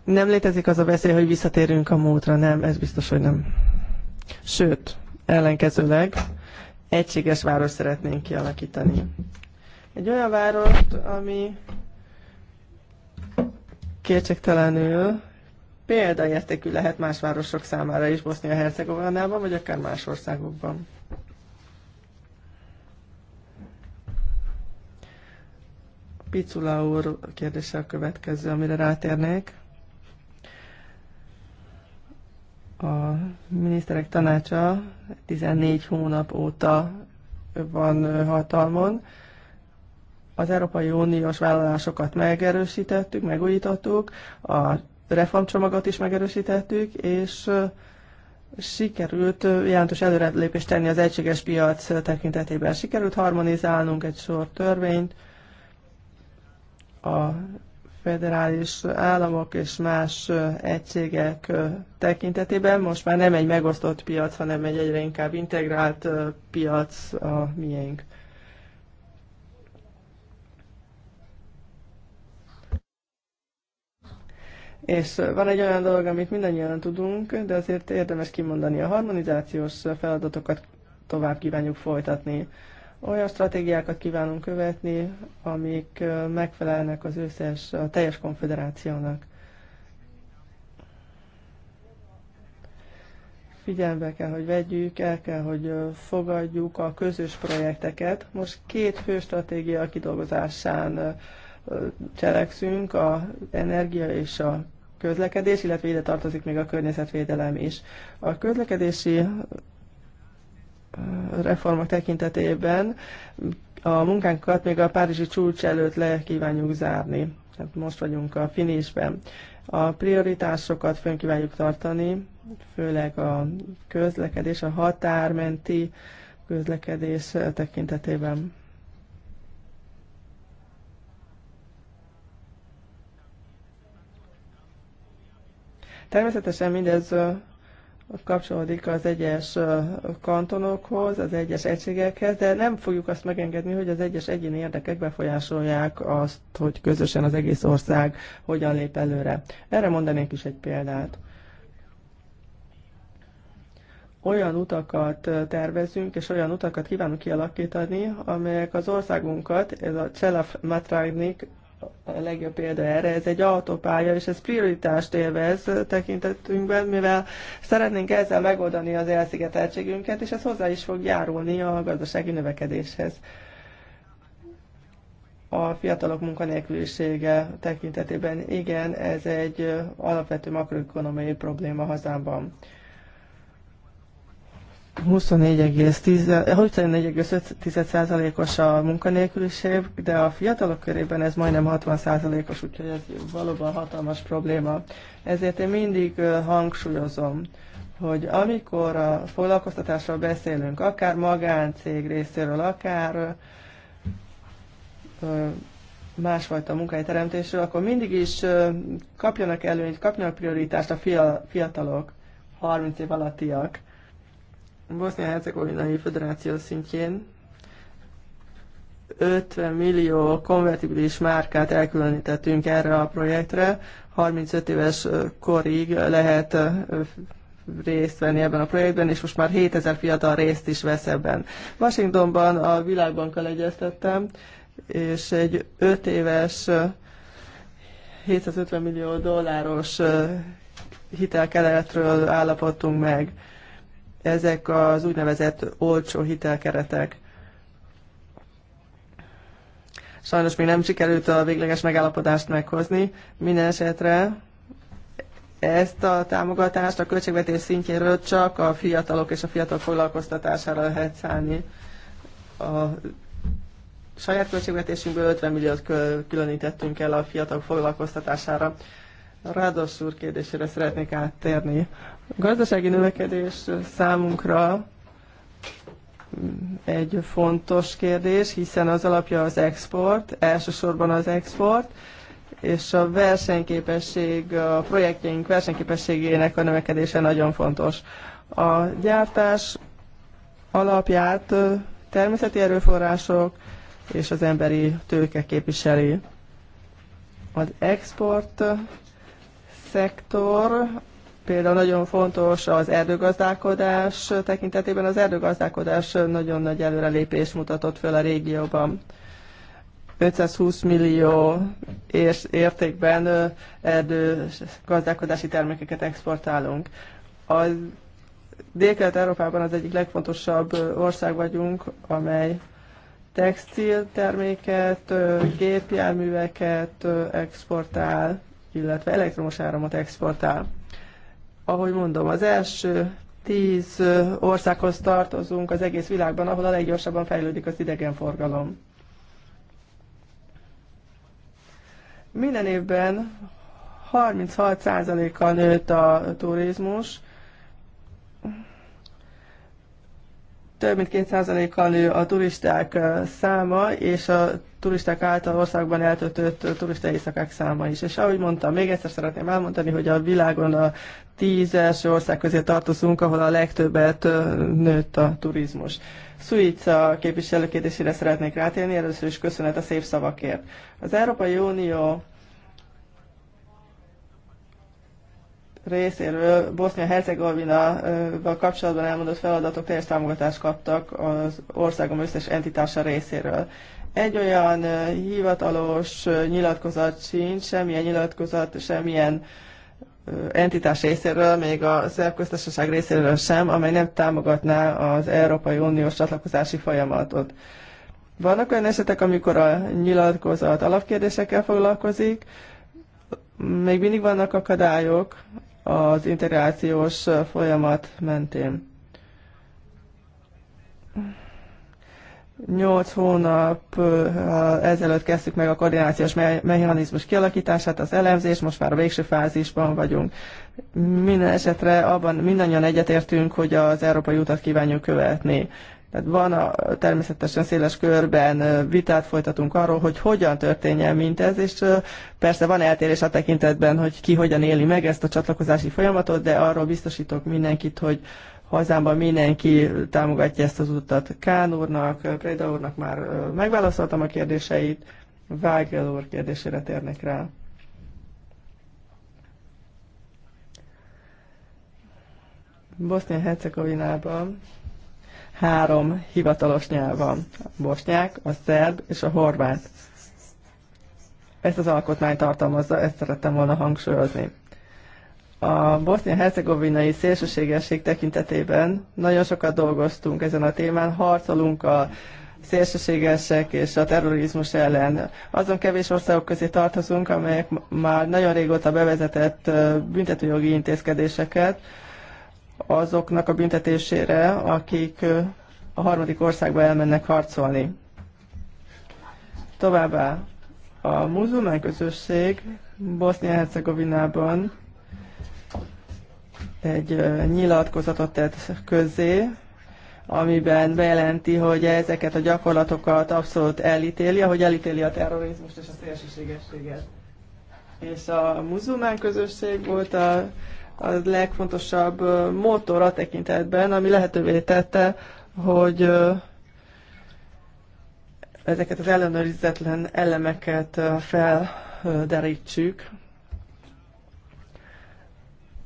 nem létezik az a veszély, hogy visszatérünk a múltra, nem, ez biztos, hogy nem. Sőt, ellenkezőleg egységes város szeretnénk kialakítani. Egy olyan várost, ami kétségtelenül példaértékű lehet más városok számára is Bosznia-Hercegovinában, vagy akár más országokban. Picula úr kérdése a következő, amire rátérnék. A miniszterek tanácsa 14 hónap óta van hatalmon. Az Európai Uniós vállalásokat megerősítettük, megújítottuk, a reformcsomagot is megerősítettük, és sikerült jelentős előrelépést tenni az egységes piac tekintetében. Sikerült harmonizálnunk egy sor törvényt, a federális államok és más egységek tekintetében. Most már nem egy megosztott piac, hanem egy egyre inkább integrált piac a miénk. És van egy olyan dolog, amit mindannyian tudunk, de azért érdemes kimondani a harmonizációs feladatokat tovább kívánjuk folytatni. Olyan stratégiákat kívánunk követni, amik megfelelnek az összes, a teljes konfederációnak. Figyelembe kell, hogy vegyük, el kell, hogy fogadjuk a közös projekteket. Most két fő stratégia kidolgozásán cselekszünk, a energia és a közlekedés, illetve ide tartozik még a környezetvédelem is. A közlekedési reformok tekintetében a munkánkat még a Párizsi csúcs előtt le kívánjuk zárni. Tehát most vagyunk a finisben. A prioritásokat fönn kívánjuk tartani, főleg a közlekedés, a határmenti közlekedés tekintetében. Természetesen mindez kapcsolódik az egyes kantonokhoz, az egyes egységekhez, de nem fogjuk azt megengedni, hogy az egyes egyéni érdekek befolyásolják azt, hogy közösen az egész ország hogyan lép előre. Erre mondanék is egy példát. Olyan utakat tervezünk, és olyan utakat kívánunk kialakítani, amelyek az országunkat, ez a Cselaf Matragnik a legjobb példa erre, ez egy autópálya, és ez prioritást élvez tekintetünkben, mivel szeretnénk ezzel megoldani az elszigeteltségünket, és ez hozzá is fog járulni a gazdasági növekedéshez. A fiatalok munkanélkülisége tekintetében igen, ez egy alapvető makroekonomiai probléma hazámban. 24,5%-os a munkanélküliség, de a fiatalok körében ez majdnem 60%-os, úgyhogy ez valóban hatalmas probléma. Ezért én mindig hangsúlyozom, hogy amikor a foglalkoztatásról beszélünk, akár magáncég részéről, akár másfajta teremtésről, akkor mindig is kapjanak előnyt, kapjanak prioritást a fiatalok, 30 év alattiak Bosznia-Hercegovinai Föderáció szintjén 50 millió konvertibilis márkát elkülönítettünk erre a projektre. 35 éves korig lehet részt venni ebben a projektben, és most már 7000 fiatal részt is vesz ebben. Washingtonban a Világbankkal egyeztettem, és egy 5 éves 750 millió dolláros hitelkeletről állapodtunk meg ezek az úgynevezett olcsó hitelkeretek. Sajnos még nem sikerült a végleges megállapodást meghozni. Minden esetre ezt a támogatást a költségvetés szintjéről csak a fiatalok és a fiatal foglalkoztatására lehet szállni. A saját költségvetésünkből 50 milliót különítettünk el a fiatal foglalkoztatására. Rádos úr kérdésére szeretnék áttérni. A gazdasági növekedés számunkra egy fontos kérdés, hiszen az alapja az export, elsősorban az export, és a versenyképesség, a projektjeink versenyképességének a növekedése nagyon fontos. A gyártás alapját természeti erőforrások és az emberi tőke képviseli. Az export szektor Például nagyon fontos az erdőgazdálkodás tekintetében. Az erdőgazdálkodás nagyon nagy előrelépés mutatott föl a régióban. 520 millió értékben erdő gazdálkodási termékeket exportálunk. A Dél-Kelet-Európában az egyik legfontosabb ország vagyunk, amely textil terméket, gépjárműveket exportál, illetve elektromos áramot exportál. Ahogy mondom, az első tíz országhoz tartozunk az egész világban, ahol a leggyorsabban fejlődik az idegenforgalom. Minden évben 36%-kal nőtt a turizmus, több mint 2%-kal nő a turisták száma, és a turisták által országban eltöltött turista éjszakák száma is. És ahogy mondtam, még egyszer szeretném elmondani, hogy a világon a tíz első ország közé tartozunk, ahol a legtöbbet nőtt a turizmus. Suica képviselőkérdésére szeretnék rátérni, először is köszönet a szép szavakért. Az Európai Unió részéről Bosznia-Hercegovina-val kapcsolatban elmondott feladatok teljes támogatást kaptak az országom összes entitása részéről. Egy olyan hivatalos nyilatkozat sincs, semmilyen nyilatkozat, semmilyen entitás részéről, még a szerb köztársaság részéről sem, amely nem támogatná az Európai Uniós csatlakozási folyamatot. Vannak olyan esetek, amikor a nyilatkozat alapkérdésekkel foglalkozik, még mindig vannak akadályok, az integrációs folyamat mentén. Nyolc hónap ezelőtt kezdtük meg a koordinációs mechanizmus kialakítását, az elemzés, most már a végső fázisban vagyunk. Minden esetre abban mindannyian egyetértünk, hogy az európai utat kívánjuk követni. Tehát van a, természetesen széles körben vitát folytatunk arról, hogy hogyan történjen mindez, és persze van eltérés a tekintetben, hogy ki hogyan éli meg ezt a csatlakozási folyamatot, de arról biztosítok mindenkit, hogy hazámban mindenki támogatja ezt az utat. Kán úrnak, Préda úrnak már megválaszoltam a kérdéseit, Vágel úr kérdésére térnek rá. Bosznia-Hercegovinában három hivatalos nyelv van, a bosnyák, a szerb és a horvát. Ezt az alkotmány tartalmazza, ezt szerettem volna hangsúlyozni. A bosznia-hercegovinai szélsőségesség tekintetében nagyon sokat dolgoztunk ezen a témán, harcolunk a szélsőségesek és a terrorizmus ellen. Azon kevés országok közé tartozunk, amelyek már nagyon régóta bevezetett büntetőjogi intézkedéseket, azoknak a büntetésére, akik a harmadik országba elmennek harcolni. Továbbá a muzulmán közösség Bosznia-Hercegovinában egy nyilatkozatot tett közzé, amiben bejelenti, hogy ezeket a gyakorlatokat abszolút elítéli, ahogy elítéli a terrorizmust és a szélsőségességet. És a muzulmán közösség volt a a legfontosabb motor a tekintetben, ami lehetővé tette, hogy ezeket az ellenőrizetlen elemeket felderítsük.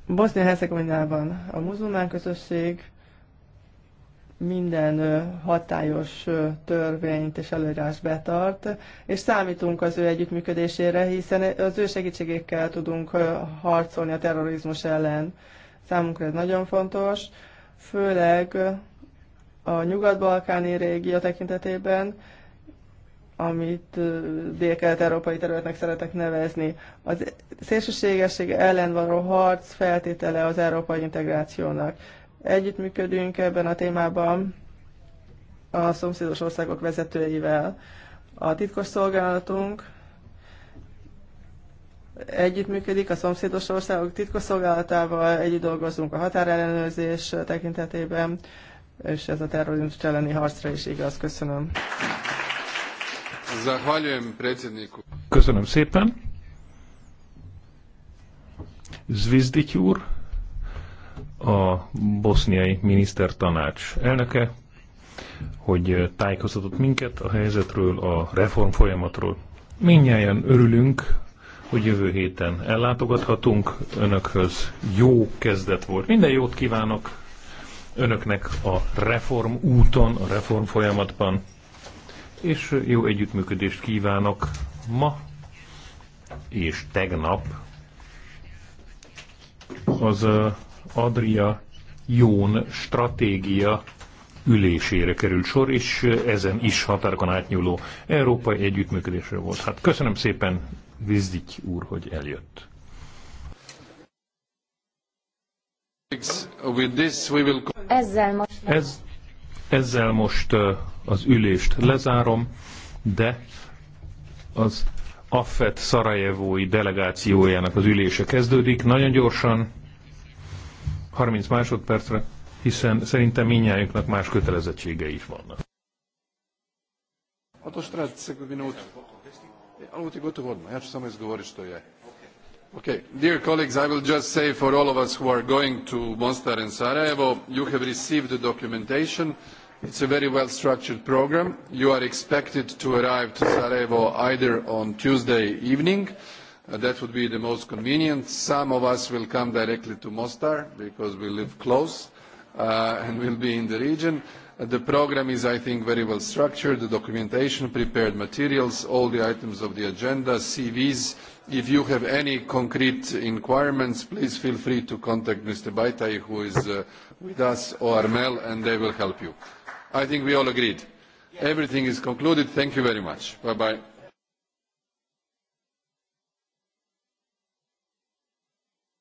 Bosznia-Hercegovinában a muzulmán közösség minden hatályos törvényt és előírás betart, és számítunk az ő együttműködésére, hiszen az ő segítségékkel tudunk harcolni a terrorizmus ellen. Számunkra ez nagyon fontos, főleg a nyugat-balkáni régió tekintetében, amit dél-kelet-európai területnek szeretek nevezni. Az szélsőségesség ellen való harc feltétele az európai integrációnak Együttműködünk ebben a témában a szomszédos országok vezetőivel. A titkos szolgálatunk együttműködik a szomszédos országok titkos szolgálatával, együtt dolgozunk a határellenőrzés tekintetében, és ez a terrorizmus elleni harcra is igaz. Köszönöm. Köszönöm szépen. Zvizdik úr a boszniai minisztertanács elnöke, hogy tájékoztatott minket a helyzetről, a reform folyamatról. Mindnyáján örülünk, hogy jövő héten ellátogathatunk önökhöz. Jó kezdet volt. Minden jót kívánok önöknek a reform úton, a reform folyamatban, és jó együttműködést kívánok ma és tegnap az Adria Jón stratégia ülésére került sor, és ezen is határokon átnyúló európai együttműködésről volt. Hát köszönöm szépen, Vizdik úr, hogy eljött. Ezzel most, Ez, ezzel most uh, az ülést lezárom, de az Affet szarajevói delegációjának az ülése kezdődik. Nagyon gyorsan 30 másodpercre, hiszen szerintem minnyájunknak más kötelezettsége is vannak. Hát hát okay, dear colleagues, I will just say for all of us who are going to Mostar and Sarajevo, you have received the documentation. It's a very well-structured program. You are expected to arrive to Sarajevo either on Tuesday evening Uh, that would be the most convenient. Some of us will come directly to Mostar because we live close uh, and will be in the region. Uh, the program is, I think, very well structured, the documentation, prepared materials, all the items of the agenda, CVs. If you have any concrete inquirements, please feel free to contact Mr. Baitai, who is uh, with us, or Armel, and they will help you. I think we all agreed. Everything is concluded. Thank you very much. Bye-bye.